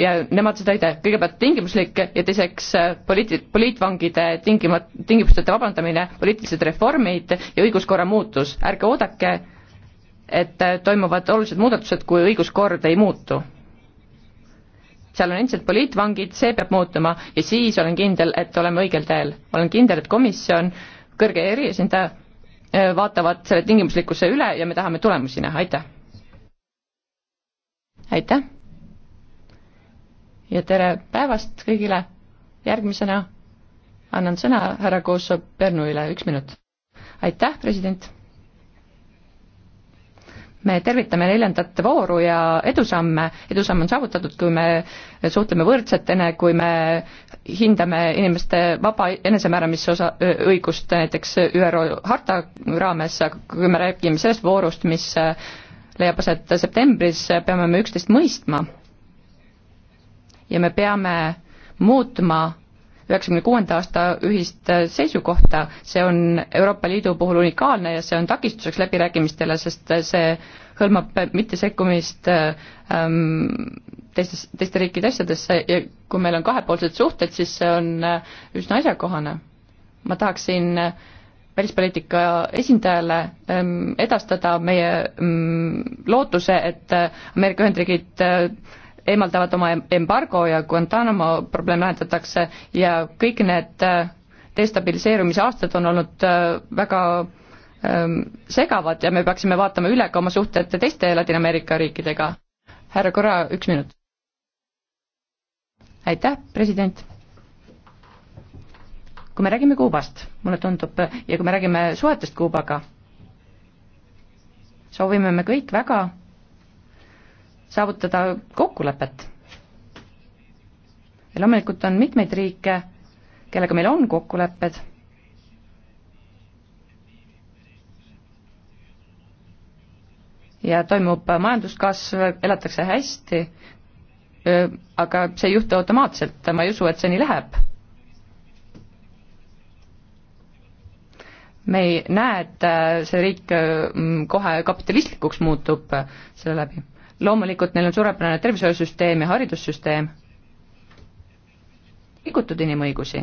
ja nemad seda ei tee. kõigepealt tingimuslik ja teiseks äh, poliit-, poliitvangide tingima-, tingimusteta vabandamine, poliitilised reformid ja õiguskorra muutus. ärge oodake, et äh, toimuvad olulised muudatused, kui õiguskord ei muutu. seal on endiselt poliitvangid, see peab muutuma ja siis olen kindel, et oleme õigel teel. olen kindel, et komisjon, kõrge eriesindaja äh, vaatavad selle tingimuslikkuse üle ja me tahame tulemusi näha, aitäh! aitäh ja tere päevast kõigile. järgmisena annan sõna härra Koossoov Pernuile, üks minut. aitäh, president. me tervitame neljandat vooru ja edusamme, edusamm on saavutatud, kui me suhtleme võrdsetena, kui me hindame inimeste vaba enesemääramise õigust näiteks ÜRO harta raames, aga kui me räägime sellest voorust, mis leiab aset septembris, peame me üksteist mõistma ja me peame muutma üheksakümne kuuenda aasta ühist seisukohta, see on Euroopa Liidu puhul unikaalne ja see on takistuseks läbirääkimistele, sest see hõlmab mittesekkumist ähm, teistes, teiste riikide asjadesse ja kui meil on kahepoolsed suhted, siis see on äh, üsna asjakohane. ma tahaksin äh, välispoliitika esindajale ähm, edastada meie mm, lootuse, et äh, Ameerika Ühendriigid äh, eemaldavad oma embargo ja Guantanamo probleem lahendatakse ja kõik need äh, destabiliseerumise aastad on olnud väga ähm, segavad ja me peaksime vaatama üle ka oma suhted teiste Ladina-Ameerika riikidega. härra Korra, üks minut. aitäh, president kui me räägime Kuubast, mulle tundub, ja kui me räägime suhetest Kuubaga, soovime me kõik väga saavutada kokkulepet. ja loomulikult on mitmeid riike, kellega meil on kokkulepped, ja toimub majanduskasv, elatakse hästi, aga see ei juhtu automaatselt, ma ei usu, et see nii läheb me ei näe, et äh, see riik äh, kohe kapitalistlikuks muutub äh, selle läbi. loomulikult neil on suurepärane tervishoiusüsteem ja haridussüsteem, rikutud inimõigusi.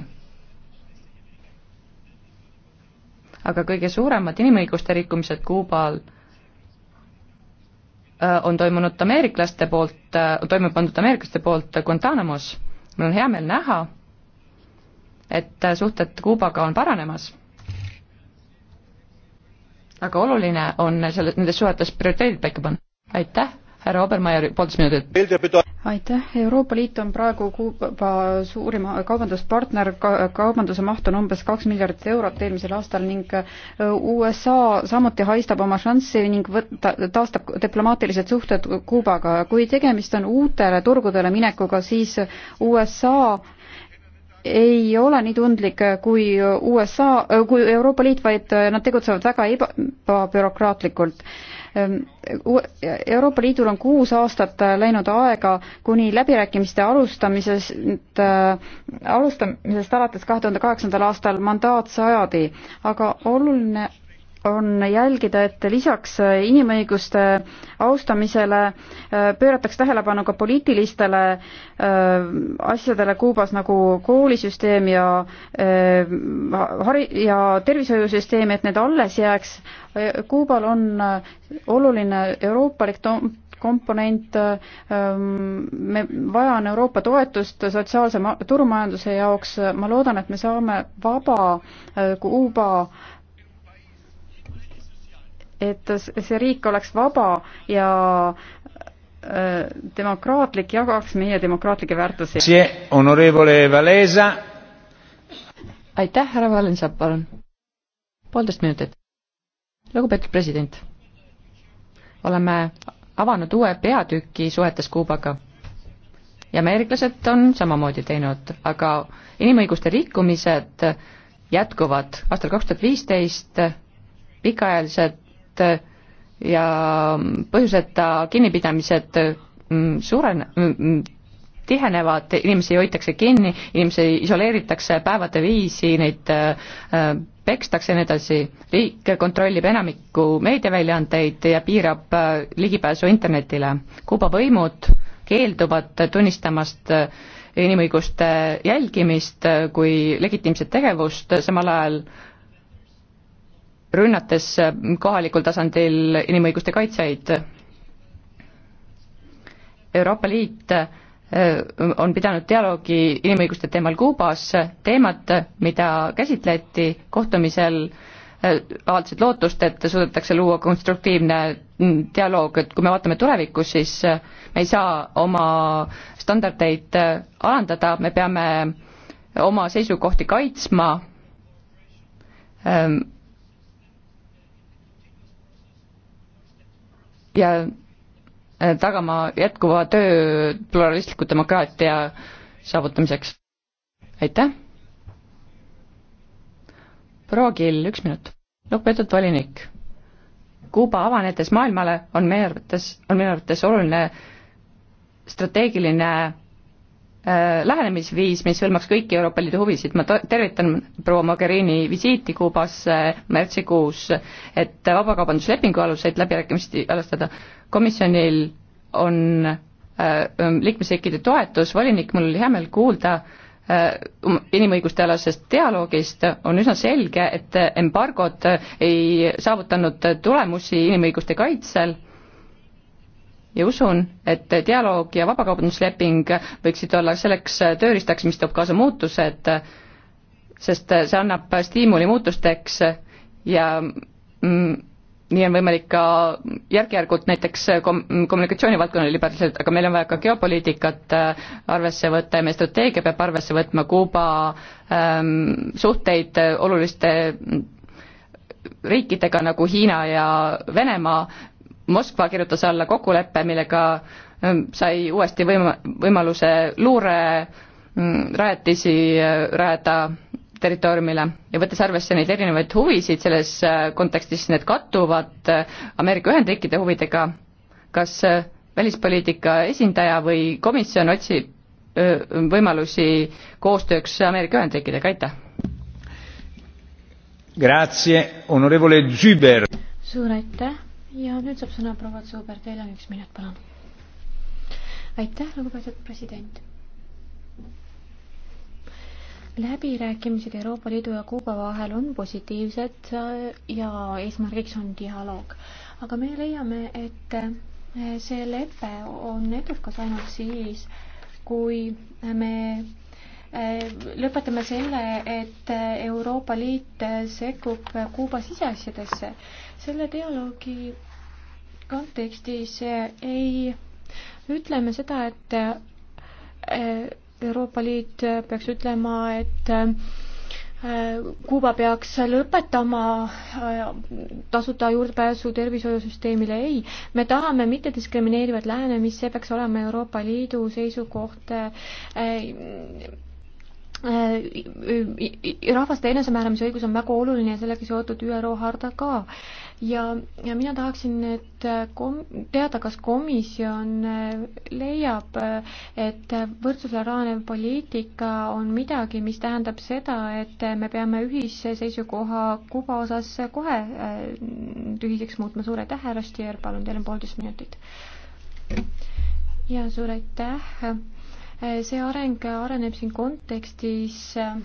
aga kõige suuremad inimõiguste rikkumised Kuubal on toimunud ameeriklaste poolt, toime pandud ameeriklaste poolt Guantanamos. mul on hea meel näha, et suhted Kuubaga on paranemas aga oluline on selle, nendes suhetes prioriteedid paika panna. aitäh, härra Obermeier, poolteist minutit. aitäh, Euroopa Liit on praegu Kuuba suurim kaubanduspartner ka,, kaubanduse maht on umbes kaks miljardit eurot eelmisel aastal ning äh, USA samuti haistab oma šanssi ning võtta, taastab diplomaatilised suhted Kuubaga. kui tegemist on uutele turgudele minekuga, siis USA ei ole nii tundlik äh, kui USA, äh, kui Euroopa Liit, vaid äh, nad tegutsevad väga ebabürokraatlikult. Ähm, Euroopa Liidul on kuus aastat läinud aega kuni läbirääkimiste alustamisest, alustamisest alates kahe tuhande kaheksandal aastal mandaat sajadi, aga oluline on jälgida, et lisaks inimõiguste austamisele äh, pöörataks tähelepanu ka poliitilistele äh, asjadele Kuubas nagu koolisüsteem ja äh, hari- ja tervishoiusüsteem, et need alles jääks. Kuubal on oluline euroopalik komponent, ähm, me, vaja on Euroopa toetust sotsiaalse turumajanduse jaoks, ma loodan, et me saame vaba Kuuba et see riik oleks vaba ja äh, demokraatlik, jagaks meie demokraatlikke väärtusi. aitäh, härra Valensa, palun. poolteist minutit. lugupeetud president, oleme avanud uue peatüki suhetes Kuubaga ja ameeriklased on samamoodi teinud, aga inimõiguste rikkumised jätkuvad. aastal kaks tuhat viisteist pikaajalised et ja põhjuseta kinnipidamised mm, suuren-, mm, tihenevad, inimesi hoitakse kinni, inimesi isoleeritakse päevade viisi, neid äh, pekstakse ja nii edasi. riik kontrollib enamikku meediaväljaandeid ja piirab äh, ligipääsu internetile. Kuuba võimud keelduvad tunnistamast äh, inimõiguste jälgimist kui legitiimset tegevust, samal ajal rünnates kohalikul tasandil inimõiguste kaitsjaid. Euroopa Liit äh, on pidanud dialoogi inimõiguste teemal Kuubas, teemat, mida käsitleti kohtumisel äh, avaldasid lootust, et suudetakse luua konstruktiivne dialoog, et kui me vaatame tulevikku, siis äh, me ei saa oma standardeid alandada, me peame oma seisukohti kaitsma, ähm, ja äh, tagama jätkuva töö pluralistliku demokraatia saavutamiseks. aitäh! proua Kill, üks minut. lugupeetud volinik, Kuuba avanedes maailmale on meie arvates, on minu arvates oluline strateegiline Äh, lähenemisviis, mis hõlmaks kõiki Euroopa Liidu huvisid, ma tervitan proua Mogherini visiiti Kuubasse märtsikuus, et vabakaubanduslepingu aluseid läbirääkimisi alustada. komisjonil on äh, ähm, liikmesriikide toetus, volinik, mul oli hea meel kuulda äh, um, inimõiguste alasest dialoogist, on üsna selge, et embargod ei saavutanud tulemusi inimõiguste kaitsel ja usun, et dialoog ja vabakaubandusleping võiksid olla selleks tööriistaks, mis toob kaasa muutused, sest see annab stiimuli muutusteks ja mm, nii on võimalik ka järk-järgult näiteks kom-, kommunikatsioonivaldkonnale liberaliseerida, aga meil on vaja ka geopoliitikat äh, arvesse võtta ja meie strateegia peab arvesse võtma Kuuba ähm, suhteid oluliste mm, riikidega nagu Hiina ja Venemaa, Moskva kirjutas alla kokkuleppe, millega ähm, sai uuesti võima-, võimaluse luure mm, rajatisi äh, rajada territooriumile ja võttes arvesse neid erinevaid huvisid selles äh, kontekstis, need kattuvad äh, Ameerika Ühendriikide huvidega, kas välispoliitika esindaja või komisjon otsib võimalusi koostööks Ameerika Ühendriikidega, aitäh! suur aitäh! ja nüüd saab sõna proua Zuber, teil on üks minut, palun. aitäh, lugupeetud president. läbirääkimised Euroopa Liidu ja Kuuba vahel on positiivsed äh, ja eesmärgiks on dialoog, aga me leiame, et äh, see lepe on edukas ainult siis, kui me äh, lõpetame selle, et Euroopa Liit sekkub Kuuba siseasjadesse selle dialoogi kontekstis eh, ei ütle me seda, et eh, Euroopa Liit peaks ütlema, et eh, Kuuba peaks lõpetama tasuta juurdepääsu tervishoiusüsteemile, ei. me tahame mittediskrimineerivat lähenemist, see peaks olema Euroopa Liidu seisukoht rahvaste enesemääramise õigus on väga oluline ja sellega seotud ÜRO harta ka ja, ja mina tahaksin nüüd äh, kom-, teada, kas komisjon äh, leiab, äh, et võrdsusele rajanev poliitika on midagi, mis tähendab seda, et me peame ühise seisukoha Kuuba osas kohe tühiseks muutma. suur aitäh, härra Stier, palun, teil on poolteist minutit. ja suur aitäh. see areng areneb siin kontekstis äh,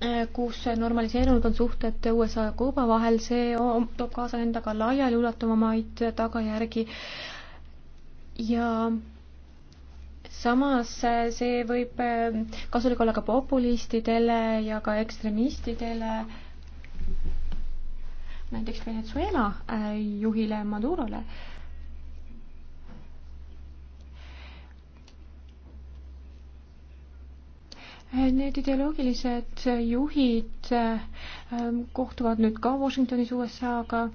Äh, kus normaliseerunud on suhted USA ja Kuuba vahel, see toob kaasa endaga laialiulatuvamaid tagajärgi ja samas äh, see võib äh, kasulik olla ka populistidele ja ka ekstremistidele, näiteks Venezuela juhile Madurole Need ideoloogilised juhid ähm, kohtuvad nüüd ka Washingtonis USA-ga.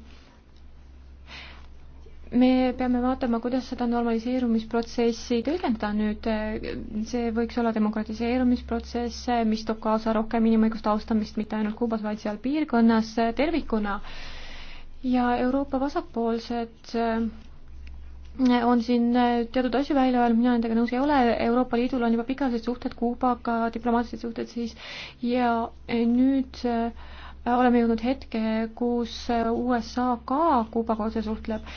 me peame vaatama, kuidas seda normaliseerumisprotsessi tõlgendada nüüd. see võiks olla demokratiseerumisprotsess, mis toob kaasa rohkem inimõiguste austamist mitte ainult Kuubas, vaid seal piirkonnas tervikuna. ja Euroopa vasakpoolsed on siin äh, teatud asju välja öelnud, mina nendega nõus ei ole, Euroopa Liidul on juba pikaajalised suhted Kuubaga, diplomaatilised suhted siis, ja äh, nüüd äh, oleme jõudnud hetke, kus USA ka Kuubaga otse suhtleb.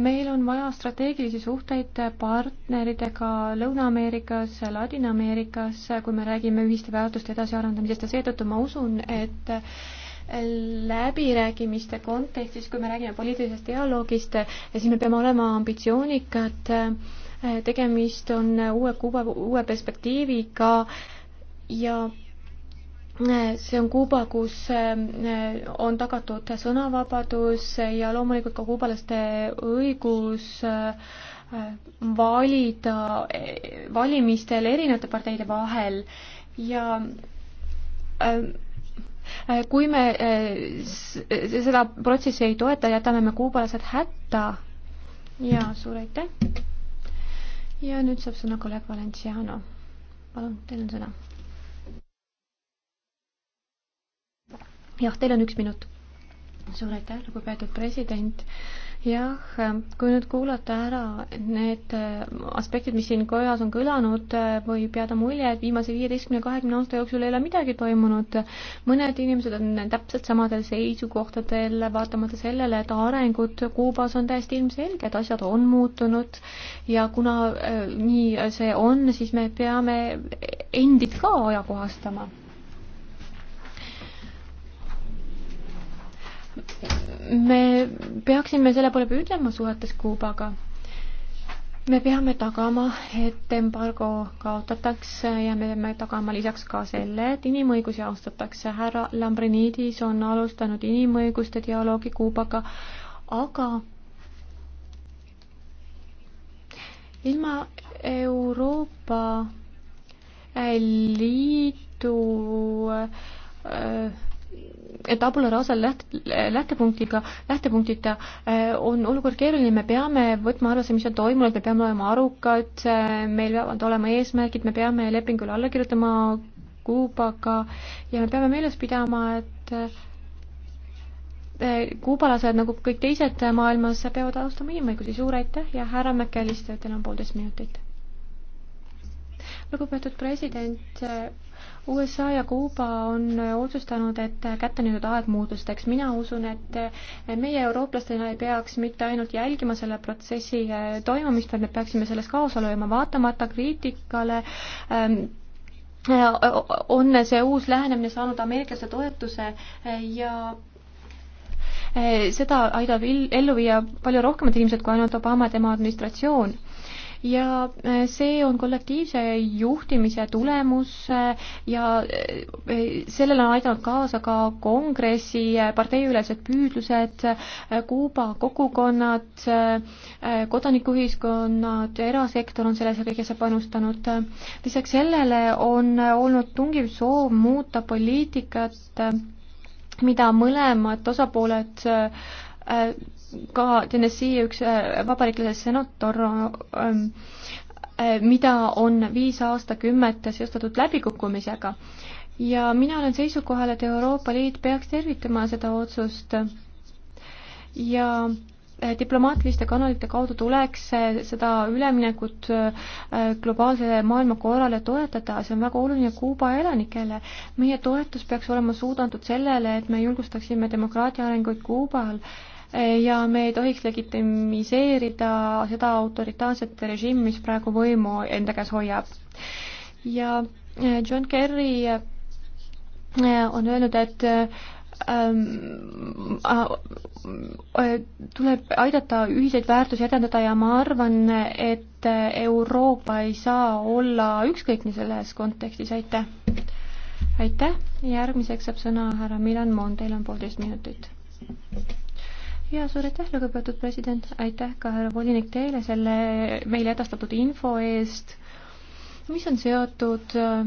meil on vaja strateegilisi suhteid partneritega Lõuna-Ameerikas, Ladina-Ameerikas, kui me räägime ühiste väärtuste edasiarendamisest ja seetõttu ma usun, et läbirääkimiste kontekstis, kui me räägime poliitilisest dialoogist, siis me peame olema ambitsioonikad. tegemist on uue Kuuba, uue perspektiiviga ja see on Kuuba, kus on tagatud sõnavabadus ja loomulikult ka kuubalaste õigus valida valimistel erinevate parteide vahel ja ähm, Äh, kui me äh, äh, seda protsessi ei toeta, jätame me kuubalased hätta. ja suur aitäh. ja nüüd saab sõna kolleeg Valenciano. palun, teil on sõna. jah, teil on üks minut suur aitäh, lugupeetud president. jah, kui nüüd kuulata ära need äh, aspektid, mis siin kojas on kõlanud, äh, võib jääda mulje, et viimase viieteistkümne, kahekümne aasta jooksul ei ole midagi toimunud. mõned inimesed on täpselt samadel seisukohtadel, vaatamata sellele, et arengud Kuubas on täiesti ilmselged, asjad on muutunud ja kuna äh, nii see on, siis me peame endid ka ajakohastama me peaksime selle poole püüdlema suhetes Kuubaga. me peame tagama, et embargo kaotatakse ja me peame tagama lisaks ka selle, et inimõigusi austatakse. härra Lambrinidis on alustanud inimõiguste dialoogi Kuubaga, aga ilma Euroopa Liidu äh, tabula rasa läht-, lähtepunktiga, lähtepunktita äh, on olukord keeruline, me peame võtma arvesse, mis on toimunud, me peame olema arukad, äh, meil peavad olema eesmärgid, me peame lepingule alla kirjutama Kuubaga ja me peame meeles pidama, et äh, kuubalased, nagu kõik teised maailmas, peavad austama inimõigusi, suur aitäh ja härra McAllister, teil on poolteist minutit. lugupeetud president, USA ja Kuuba on äh, otsustanud, et äh, kätte on jõudnud aeg muutusteks. mina usun, et äh, meie eurooplastena ei peaks mitte ainult jälgima selle protsessi toimumist, vaid me peaksime selles kaasa lööma, vaatamata kriitikale ähm, on see uus lähenemine saanud ameeriklaste toetuse ja seda aitab ellu viia palju rohkemad inimesed kui ainult Obama ja tema administratsioon ja äh, see on kollektiivse juhtimise tulemus äh, ja äh, sellele on aidanud kaasa ka kongressi parteiülesed püüdlused, Kuuba kogukonnad, kodanikuühiskonnad, erasektor on sellesse kõigesse panustanud. lisaks sellele on olnud tungiv soov muuta poliitikat, mida mõlemad osapooled Äh, ka Tennessee üks äh, vabariiklase senator, ähm, äh, mida on viis aastakümmet seostatud läbikukkumisega. ja mina olen seisukohal, et Euroopa Liit peaks tervitama seda otsust ja diplomaatiliste kanalite kaudu tuleks seda üleminekut globaalsele maailmakorrale toetada, see on väga oluline Kuuba elanikele. meie toetus peaks olema suunatud sellele, et me julgustaksime demokraatia arenguid Kuubal ja me ei tohiks legitimiseerida seda autoritaarset režiimi, mis praegu võimu enda käes hoiab. ja eh, John Kerry eh, on öelnud, et ähm, tuleb aidata ühiseid väärtusi edendada ja ma arvan, et Euroopa ei saa olla ükskõikne selles kontekstis, aitäh. aitäh, järgmiseks saab sõna härra Milan Moon, teil on poolteist minutit ja suur aitäh, lugupeetud president, aitäh ka härra volinik teile selle meile edastatud info eest, mis on seotud äh,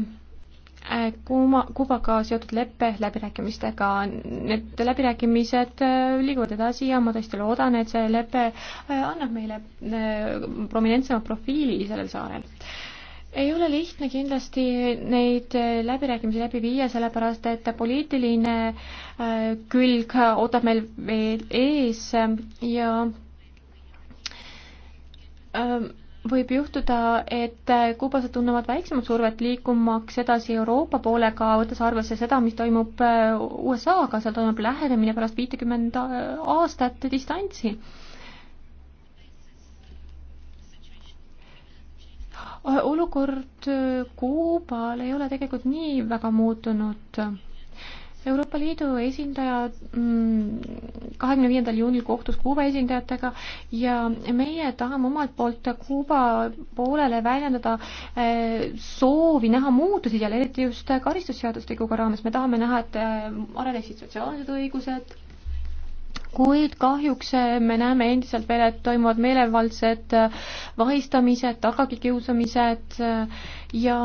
Kuuma, Kuubaga seotud leppe läbirääkimistega, need läbirääkimised äh, liiguvad edasi ja ma tõesti loodan, et see lepe äh, annab meile prominentsema profiili sellel saarel ei ole lihtne kindlasti neid äh, läbirääkimisi läbi viia, sellepärast et poliitiline äh, külg ootab meil veel ees ja ähm, võib juhtuda, et äh, kuublased tunnevad väiksemat survet liikumaks edasi Euroopa poole ka, võttes arvesse seda, mis toimub USA-ga, seal toimub lähenemine pärast viitekümmend aastat distantsi Äh, olukord äh, Kuubal ei ole tegelikult nii väga muutunud. Euroopa Liidu esindaja mm, kahekümne viiendal juunil kohtus Kuuba esindajatega ja meie tahame omalt poolt Kuuba poolele väljendada äh, soovi näha muutusi seal, eriti just karistusseadustikuga raames. me tahame näha, et areneksid sotsiaalsed õigused kuid kahjuks eh, me näeme endiselt veel, et toimuvad meelevaldsed eh, vahistamised, tagakikiusamised eh, ja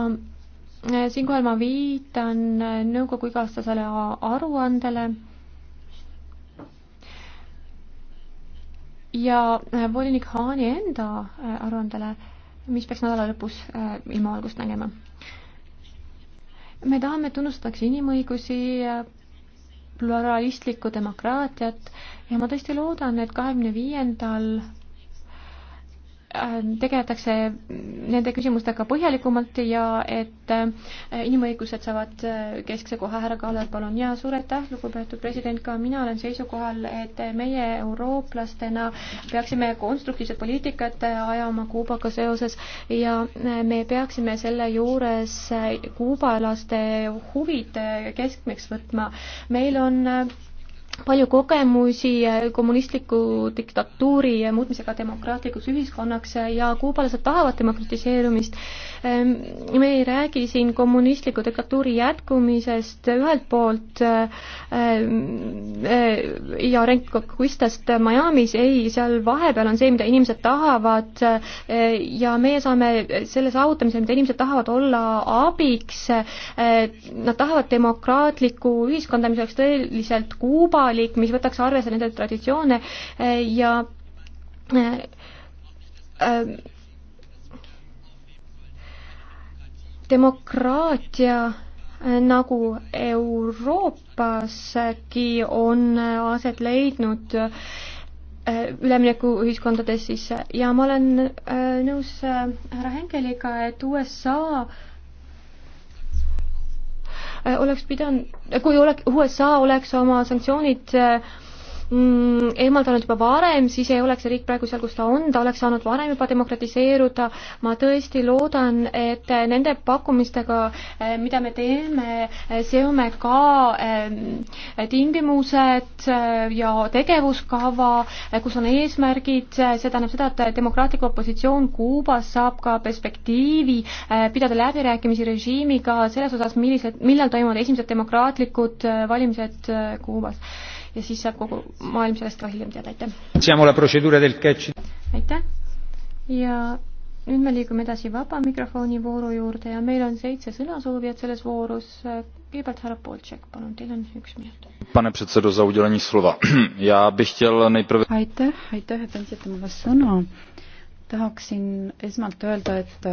siinkohal ma viitan nõukogu igastasele aruandele ja volinik Haani enda aruandele, mis peaks nädala lõpus ilmavalgust nägema. me tahame, et tunnustatakse inimõigusi, pluralistlikku demokraatiat ja ma tõesti loodan, et kahekümne viiendal Äh, tegeletakse nende küsimustega põhjalikumalt ja et äh, inimõigused saavad äh, keskse koha. härra Kaalar, palun. ja suur aitäh, lugupeetud president, ka mina olen seisukohal, et meie eurooplastena peaksime konstruktiivset poliitikat ajama Kuubaga seoses ja me peaksime selle juures kuubalaste huvid keskmeks võtma. meil on palju kogemusi eh, kommunistliku diktatuuri eh, muutmisega demokraatlikuks ühiskonnaks eh, ja kuubalased tahavad demokratiseerumist. Ehm, me ei räägi siin kommunistliku diktatuuri jätkumisest ühelt poolt ja renkakustest Miami's, ei, seal vahepeal on see, mida inimesed tahavad ja meie saame selle saavutamisel, mida inimesed tahavad, olla abiks. Nad tahavad demokraatlikku ühiskonda, mis oleks tõeliselt Kuuba korralik, mis võtaks arvesse nende traditsioone eh, ja eh, eh, demokraatia nagu Euroopaski on aset leidnud üleminekuühiskondades siis ja ma olen nõus härra Henkeliga, et USA oleks pidanud, kui oleks, USA oleks oma sanktsioonid äh, mm, eemaldanud juba varem, siis ei oleks see riik praegu seal, kus ta on, ta oleks saanud varem juba demokratiseeruda. ma tõesti loodan, et nende pakkumistega, eh, mida me teeme, eh, seome ka eh, tingimused ja tegevuskava, kus on eesmärgid, see tähendab seda, et demokraatlik opositsioon Kuubas saab ka perspektiivi pidada läbirääkimisi režiimiga selles osas, millised, millal toimuvad esimesed demokraatlikud valimised Kuubas ja siis saab kogu maailm sellest ka hiljem teada, aitäh. aitäh ja nüüd me liigume edasi vaba mikrofoni vooru juurde ja meil on seitse sõnasoovijat selles voorus. kõigepealt härra Poltšek, palun, teil on üks minut. pane predsedo za udělení slova <clears throat> ja bych chtěl nejprve. aitäh, aitäh, et andsite mulle sõna. tahaksin esmalt öelda, et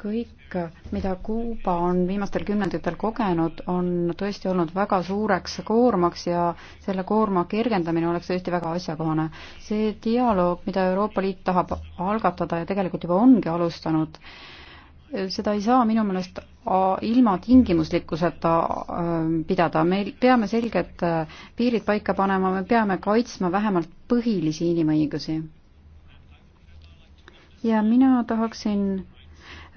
kõik, mida Kuuba on viimastel kümnenditel kogenud, on tõesti olnud väga suureks koormaks ja selle koorma kergendamine oleks tõesti väga asjakohane. see dialoog, mida Euroopa Liit tahab algatada ja tegelikult juba ongi alustanud, seda ei saa minu meelest ilma tingimuslikkuseta pidada, me peame selged piirid paika panema, me peame kaitsma vähemalt põhilisi inimõigusi. ja mina tahaksin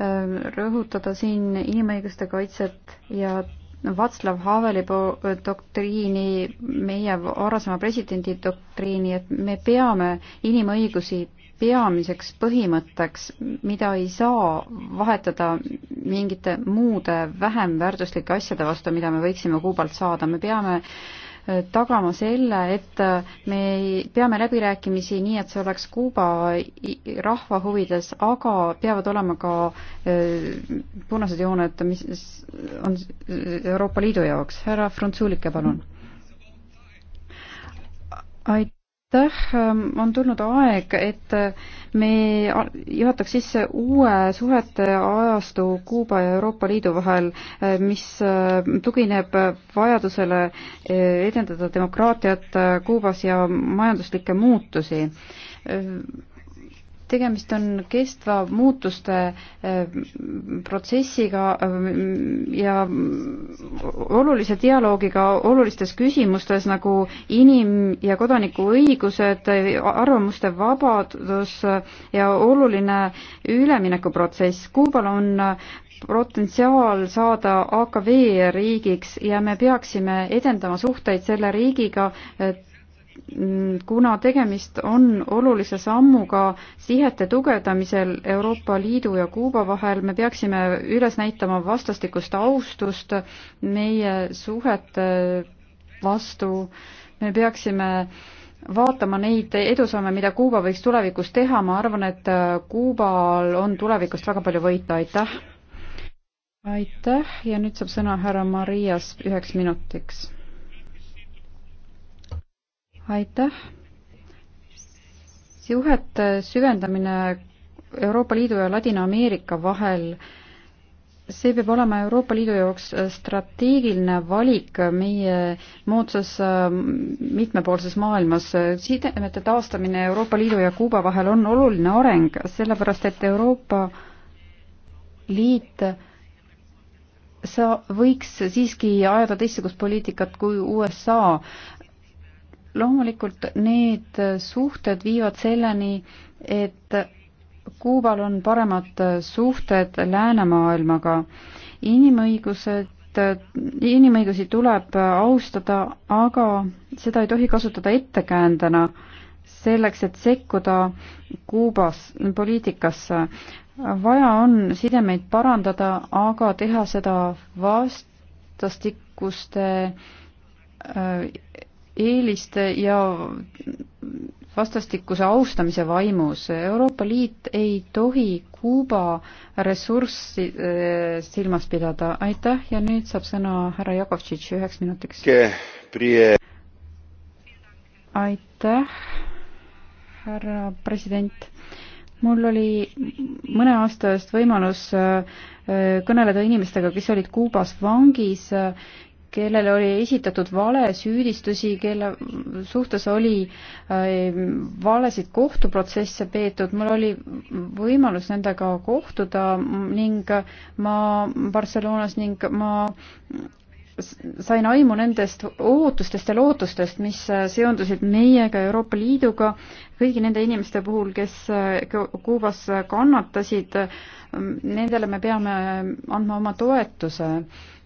Ähm, rõhutada siin inimõiguste kaitset ja Václav Haveli äh, doktriini, meie varasema presidendi doktriini, et me peame inimõigusi peamiseks põhimõtteks, mida ei saa vahetada mingite muude vähem väärtuslike asjade vastu, mida me võiksime Kuubalt saada, me peame äh, tagama selle, et me peame läbirääkimisi nii, et see oleks Kuuba rahva huvides, aga peavad olema ka punased jooned, mis on Euroopa Liidu jaoks. härra Frunzulike, palun. aitäh aitäh, ähm, on tulnud aeg, et äh, me juhataks sisse uue suhete ajastu Kuuba ja Euroopa Liidu vahel, äh, mis äh, tugineb vajadusele edendada demokraatiat Kuubas ja majanduslikke muutusi tegemist on kestva muutuste eh, protsessiga eh, ja olulise dialoogiga olulistes küsimustes nagu inim- ja kodanikuõigused, arvamuste vabadus ja oluline üleminekuprotsess. Kuubal on potentsiaal saada AKV riigiks ja me peaksime edendama suhteid selle riigiga, et Mm, kuna tegemist on olulise sammuga sihete tugevdamisel Euroopa Liidu ja Kuuba vahel, me peaksime üles näitama vastastikust austust meie suhete vastu, me peaksime vaatama neid edusamme, mida Kuuba võiks tulevikus teha, ma arvan, et Kuubal on tulevikust väga palju võita, aitäh! aitäh ja nüüd saab sõna härra Marias üheks minutiks aitäh. suhete süvendamine Euroopa Liidu ja Ladina-Ameerika vahel, see peab olema Euroopa Liidu jaoks strateegiline valik meie moodsas mitmepoolses maailmas. sidemete taastamine Euroopa Liidu ja Kuuba vahel on oluline areng, sellepärast et Euroopa Liit sa võiks siiski ajada teistsugust poliitikat kui USA loomulikult need suhted viivad selleni, et Kuubal on paremad suhted läänemaailmaga. inimõigused inimõigusi tuleb austada, aga seda ei tohi kasutada ettekäändena selleks, et sekkuda Kuubas poliitikasse. vaja on sidemeid parandada, aga teha seda vastastikuste äh, eeliste ja vastastikuse austamise vaimus. Euroopa Liit ei tohi Kuuba ressurssi äh, silmas pidada. aitäh ja nüüd saab sõna härra Jakovtšitš üheks minutiks. aitäh, härra president. mul oli mõne aasta eest võimalus äh, kõneleda inimestega, kes olid Kuubas vangis äh, kellele oli esitatud valesüüdistusi, kelle suhtes oli äh, valesid kohtuprotsesse peetud, mul oli võimalus nendega kohtuda ning ma Barcelonas ning ma sain aimu nendest ootustest ja lootustest, mis äh, seondusid meiega, Euroopa Liiduga, kõigi nende inimeste puhul, kes äh, Kuubas äh, kannatasid, nendele me peame andma oma toetuse.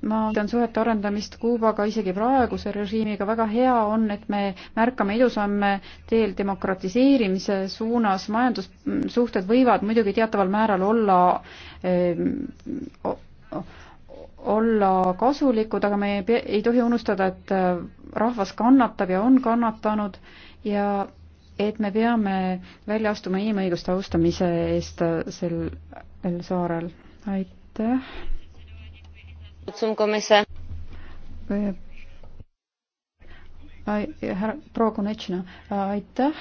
ma tean suhete arendamist Kuubaga isegi praeguse režiimiga, väga hea on, et me märkame edusamme teel demokratiseerimise suunas, majandussuhted võivad muidugi teataval määral olla öö, öö, olla kasulikud, aga me ei, pea, ei tohi unustada, et äh, rahvas kannatab ja on kannatanud ja et me peame välja astuma inimõiguste austamise eest äh, sel, sel saarel. aitäh. Äh, härra proua Konechina, aitäh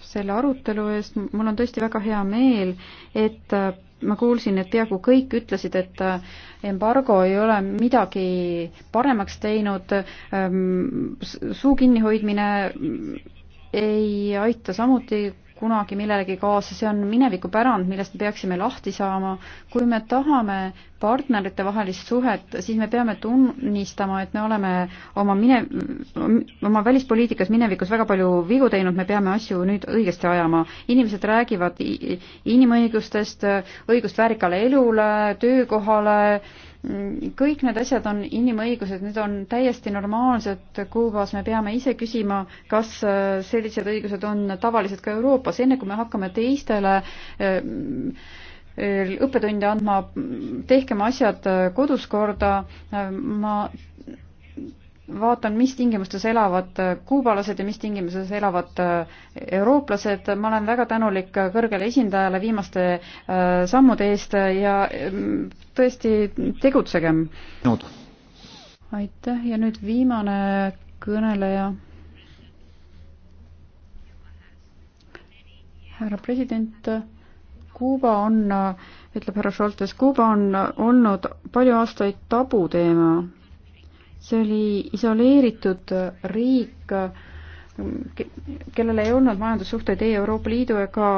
selle arutelu eest, mul on tõesti väga hea meel, et ma kuulsin, et peaaegu kõik ütlesid, et äh, embargo ei ole midagi paremaks teinud, ähm, suu kinnihoidmine ei aita samuti kunagi millelegi kaasa, see on minevikupärand, millest me peaksime lahti saama. kui me tahame partnerite vahelist suhet, siis me peame tunnistama, et me oleme oma mine-, oma välispoliitikas minevikus väga palju vigu teinud, me peame asju nüüd õigesti ajama. inimesed räägivad inimõigustest, õigust väärikale elule, töökohale, kõik need asjad on inimõigused, need on täiesti normaalsed Kuubas, me peame ise küsima, kas äh, sellised õigused on tavalised ka Euroopas, enne kui me hakkame teistele äh, õppetunde andma, tehkem asjad äh, kodus korda, ma vaatan, mis tingimustes elavad kuubalased ja mis tingimustes elavad äh, eurooplased, ma olen väga tänulik kõrgele esindajale viimaste äh, sammude eest ja äh, tõesti tegutsegem. aitäh ja nüüd viimane kõneleja. härra president, Kuuba on, ütleb härra Šoltes, Kuuba on olnud palju aastaid tabuteema see oli isoleeritud riik, kellel ei olnud majandussuhteid ei Euroopa Liidu ega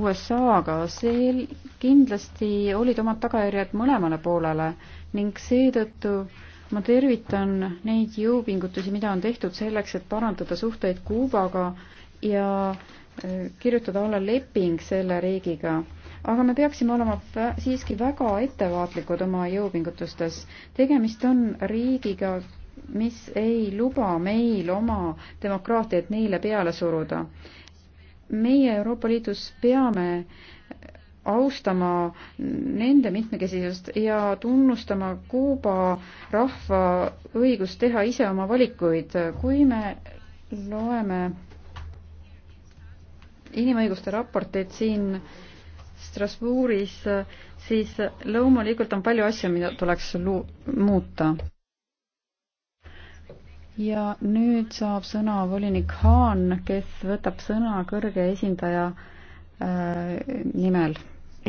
USA-ga, see kindlasti olid omad tagajärjed mõlemale poolele ning seetõttu ma tervitan neid jõupingutusi, mida on tehtud selleks, et parandada suhteid Kuubaga ja eh, kirjutada alla leping selle riigiga aga me peaksime olema siiski väga ettevaatlikud oma jõupingutustes. tegemist on riigiga, mis ei luba meil oma demokraatiat neile peale suruda. meie Euroopa Liidus peame austama nende mitmekesisust ja tunnustama Kuuba rahva õigust teha ise oma valikuid. kui me loeme inimõiguste raporteid siin äh, Strasbourgis, siis loomulikult on palju asju, mida tuleks muuta. ja nüüd saab sõna volinik Haan, kes võtab sõna kõrge esindaja äh, nimel.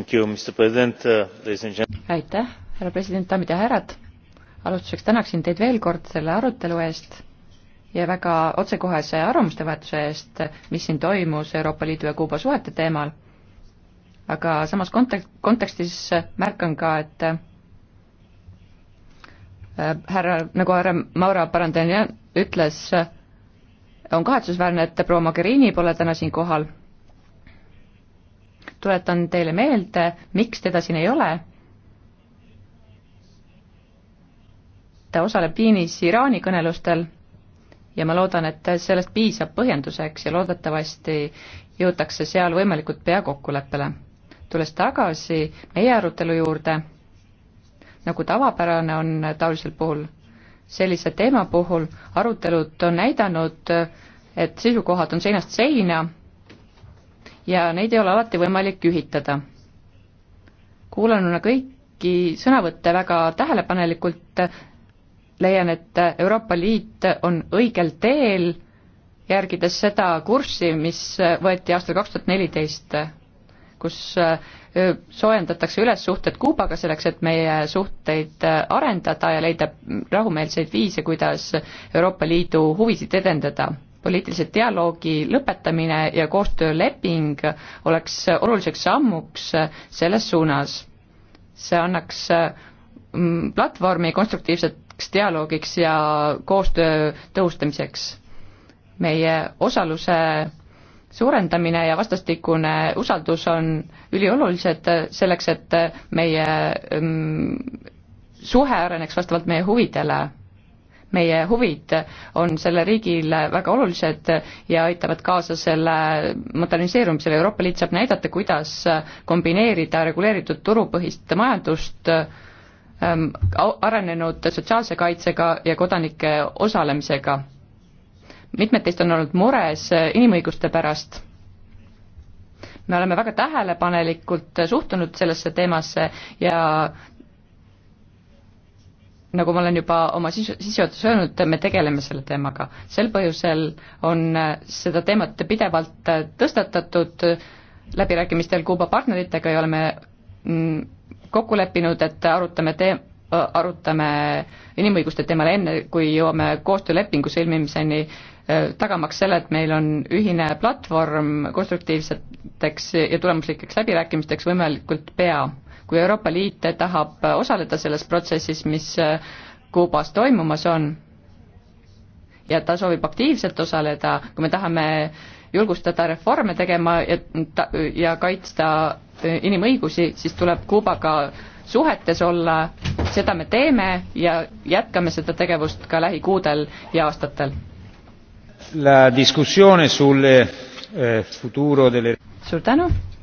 Uh, aitäh, härra president, daamid ja härrad. alustuseks tänaksin teid veel kord selle arutelu eest ja väga otsekohese arvamustevahetuse eest, mis siin toimus Euroopa Liidu ja Kuuba suhete teemal aga samas kontek-, kontekstis märkan ka, et äh, härra, nagu härra Maura Parandani ütles, on kahetsusväärne, et proua Mogherini pole täna siin kohal. tuletan teile meelde, miks teda siin ei ole ta osaleb Viinis Iraani kõnelustel ja ma loodan, et sellest piisab põhjenduseks ja loodetavasti jõutakse seal võimalikult pea kokkuleppele tulles tagasi meie arutelu juurde, nagu tavapärane on taolisel puhul, sellise teema puhul arutelud on näidanud, et seisukohad on seinast seina ja neid ei ole alati võimalik ühitada. kuulan kõiki sõnavõtte väga tähelepanelikult, leian, et Euroopa Liit on õigel teel, järgides seda kurssi, mis võeti aastal kaks tuhat neliteist kus äh, soojendatakse üles suhted Kuubaga selleks, et meie suhteid äh, arendada ja leida rahumeelseid viise, kuidas Euroopa Liidu huvisid edendada. poliitilise dialoogi lõpetamine ja koostööleping oleks oluliseks sammuks äh, selles suunas. see annaks platvormi konstruktiivseks dialoogiks ja koostöö tõhustamiseks. meie osaluse suurendamine ja vastastikune usaldus on üliolulised selleks, et meie mm, suhe areneks vastavalt meie huvidele. meie huvid on selle riigile väga olulised ja aitavad kaasa selle moderniseerumisele, Euroopa Liit saab näidata, kuidas kombineerida reguleeritud turupõhist majandust mm, arenenud sotsiaalse kaitsega ja kodanike osalemisega mitmed teist on olnud mures äh, inimõiguste pärast. me oleme väga tähelepanelikult suhtunud sellesse teemasse ja nagu ma olen juba oma sisu, sissejuhatuses öelnud, me tegeleme selle teemaga. sel põhjusel on äh, seda teemat pidevalt äh, tõstatatud läbirääkimistel Kuuba partneritega ja oleme mm, kokku leppinud, et arutame tee-, arutame inimõiguste teemal enne, kui jõuame koostöölepingu sõlmimiseni Äh, tagamaks selle, et meil on ühine platvorm konstruktiivseteks ja tulemuslikeks läbirääkimisteks võimalikult pea. kui Euroopa Liit tahab osaleda selles protsessis, mis äh, Kuubas toimumas on, ja ta soovib aktiivselt osaleda, kui me tahame julgustada reforme tegema ja, ja kaitsta äh, inimõigusi, siis tuleb Kuubaga suhetes olla, seda me teeme ja jätkame seda tegevust ka lähikuudel ja aastatel La discussione sul eh, futuro delle... suur tänu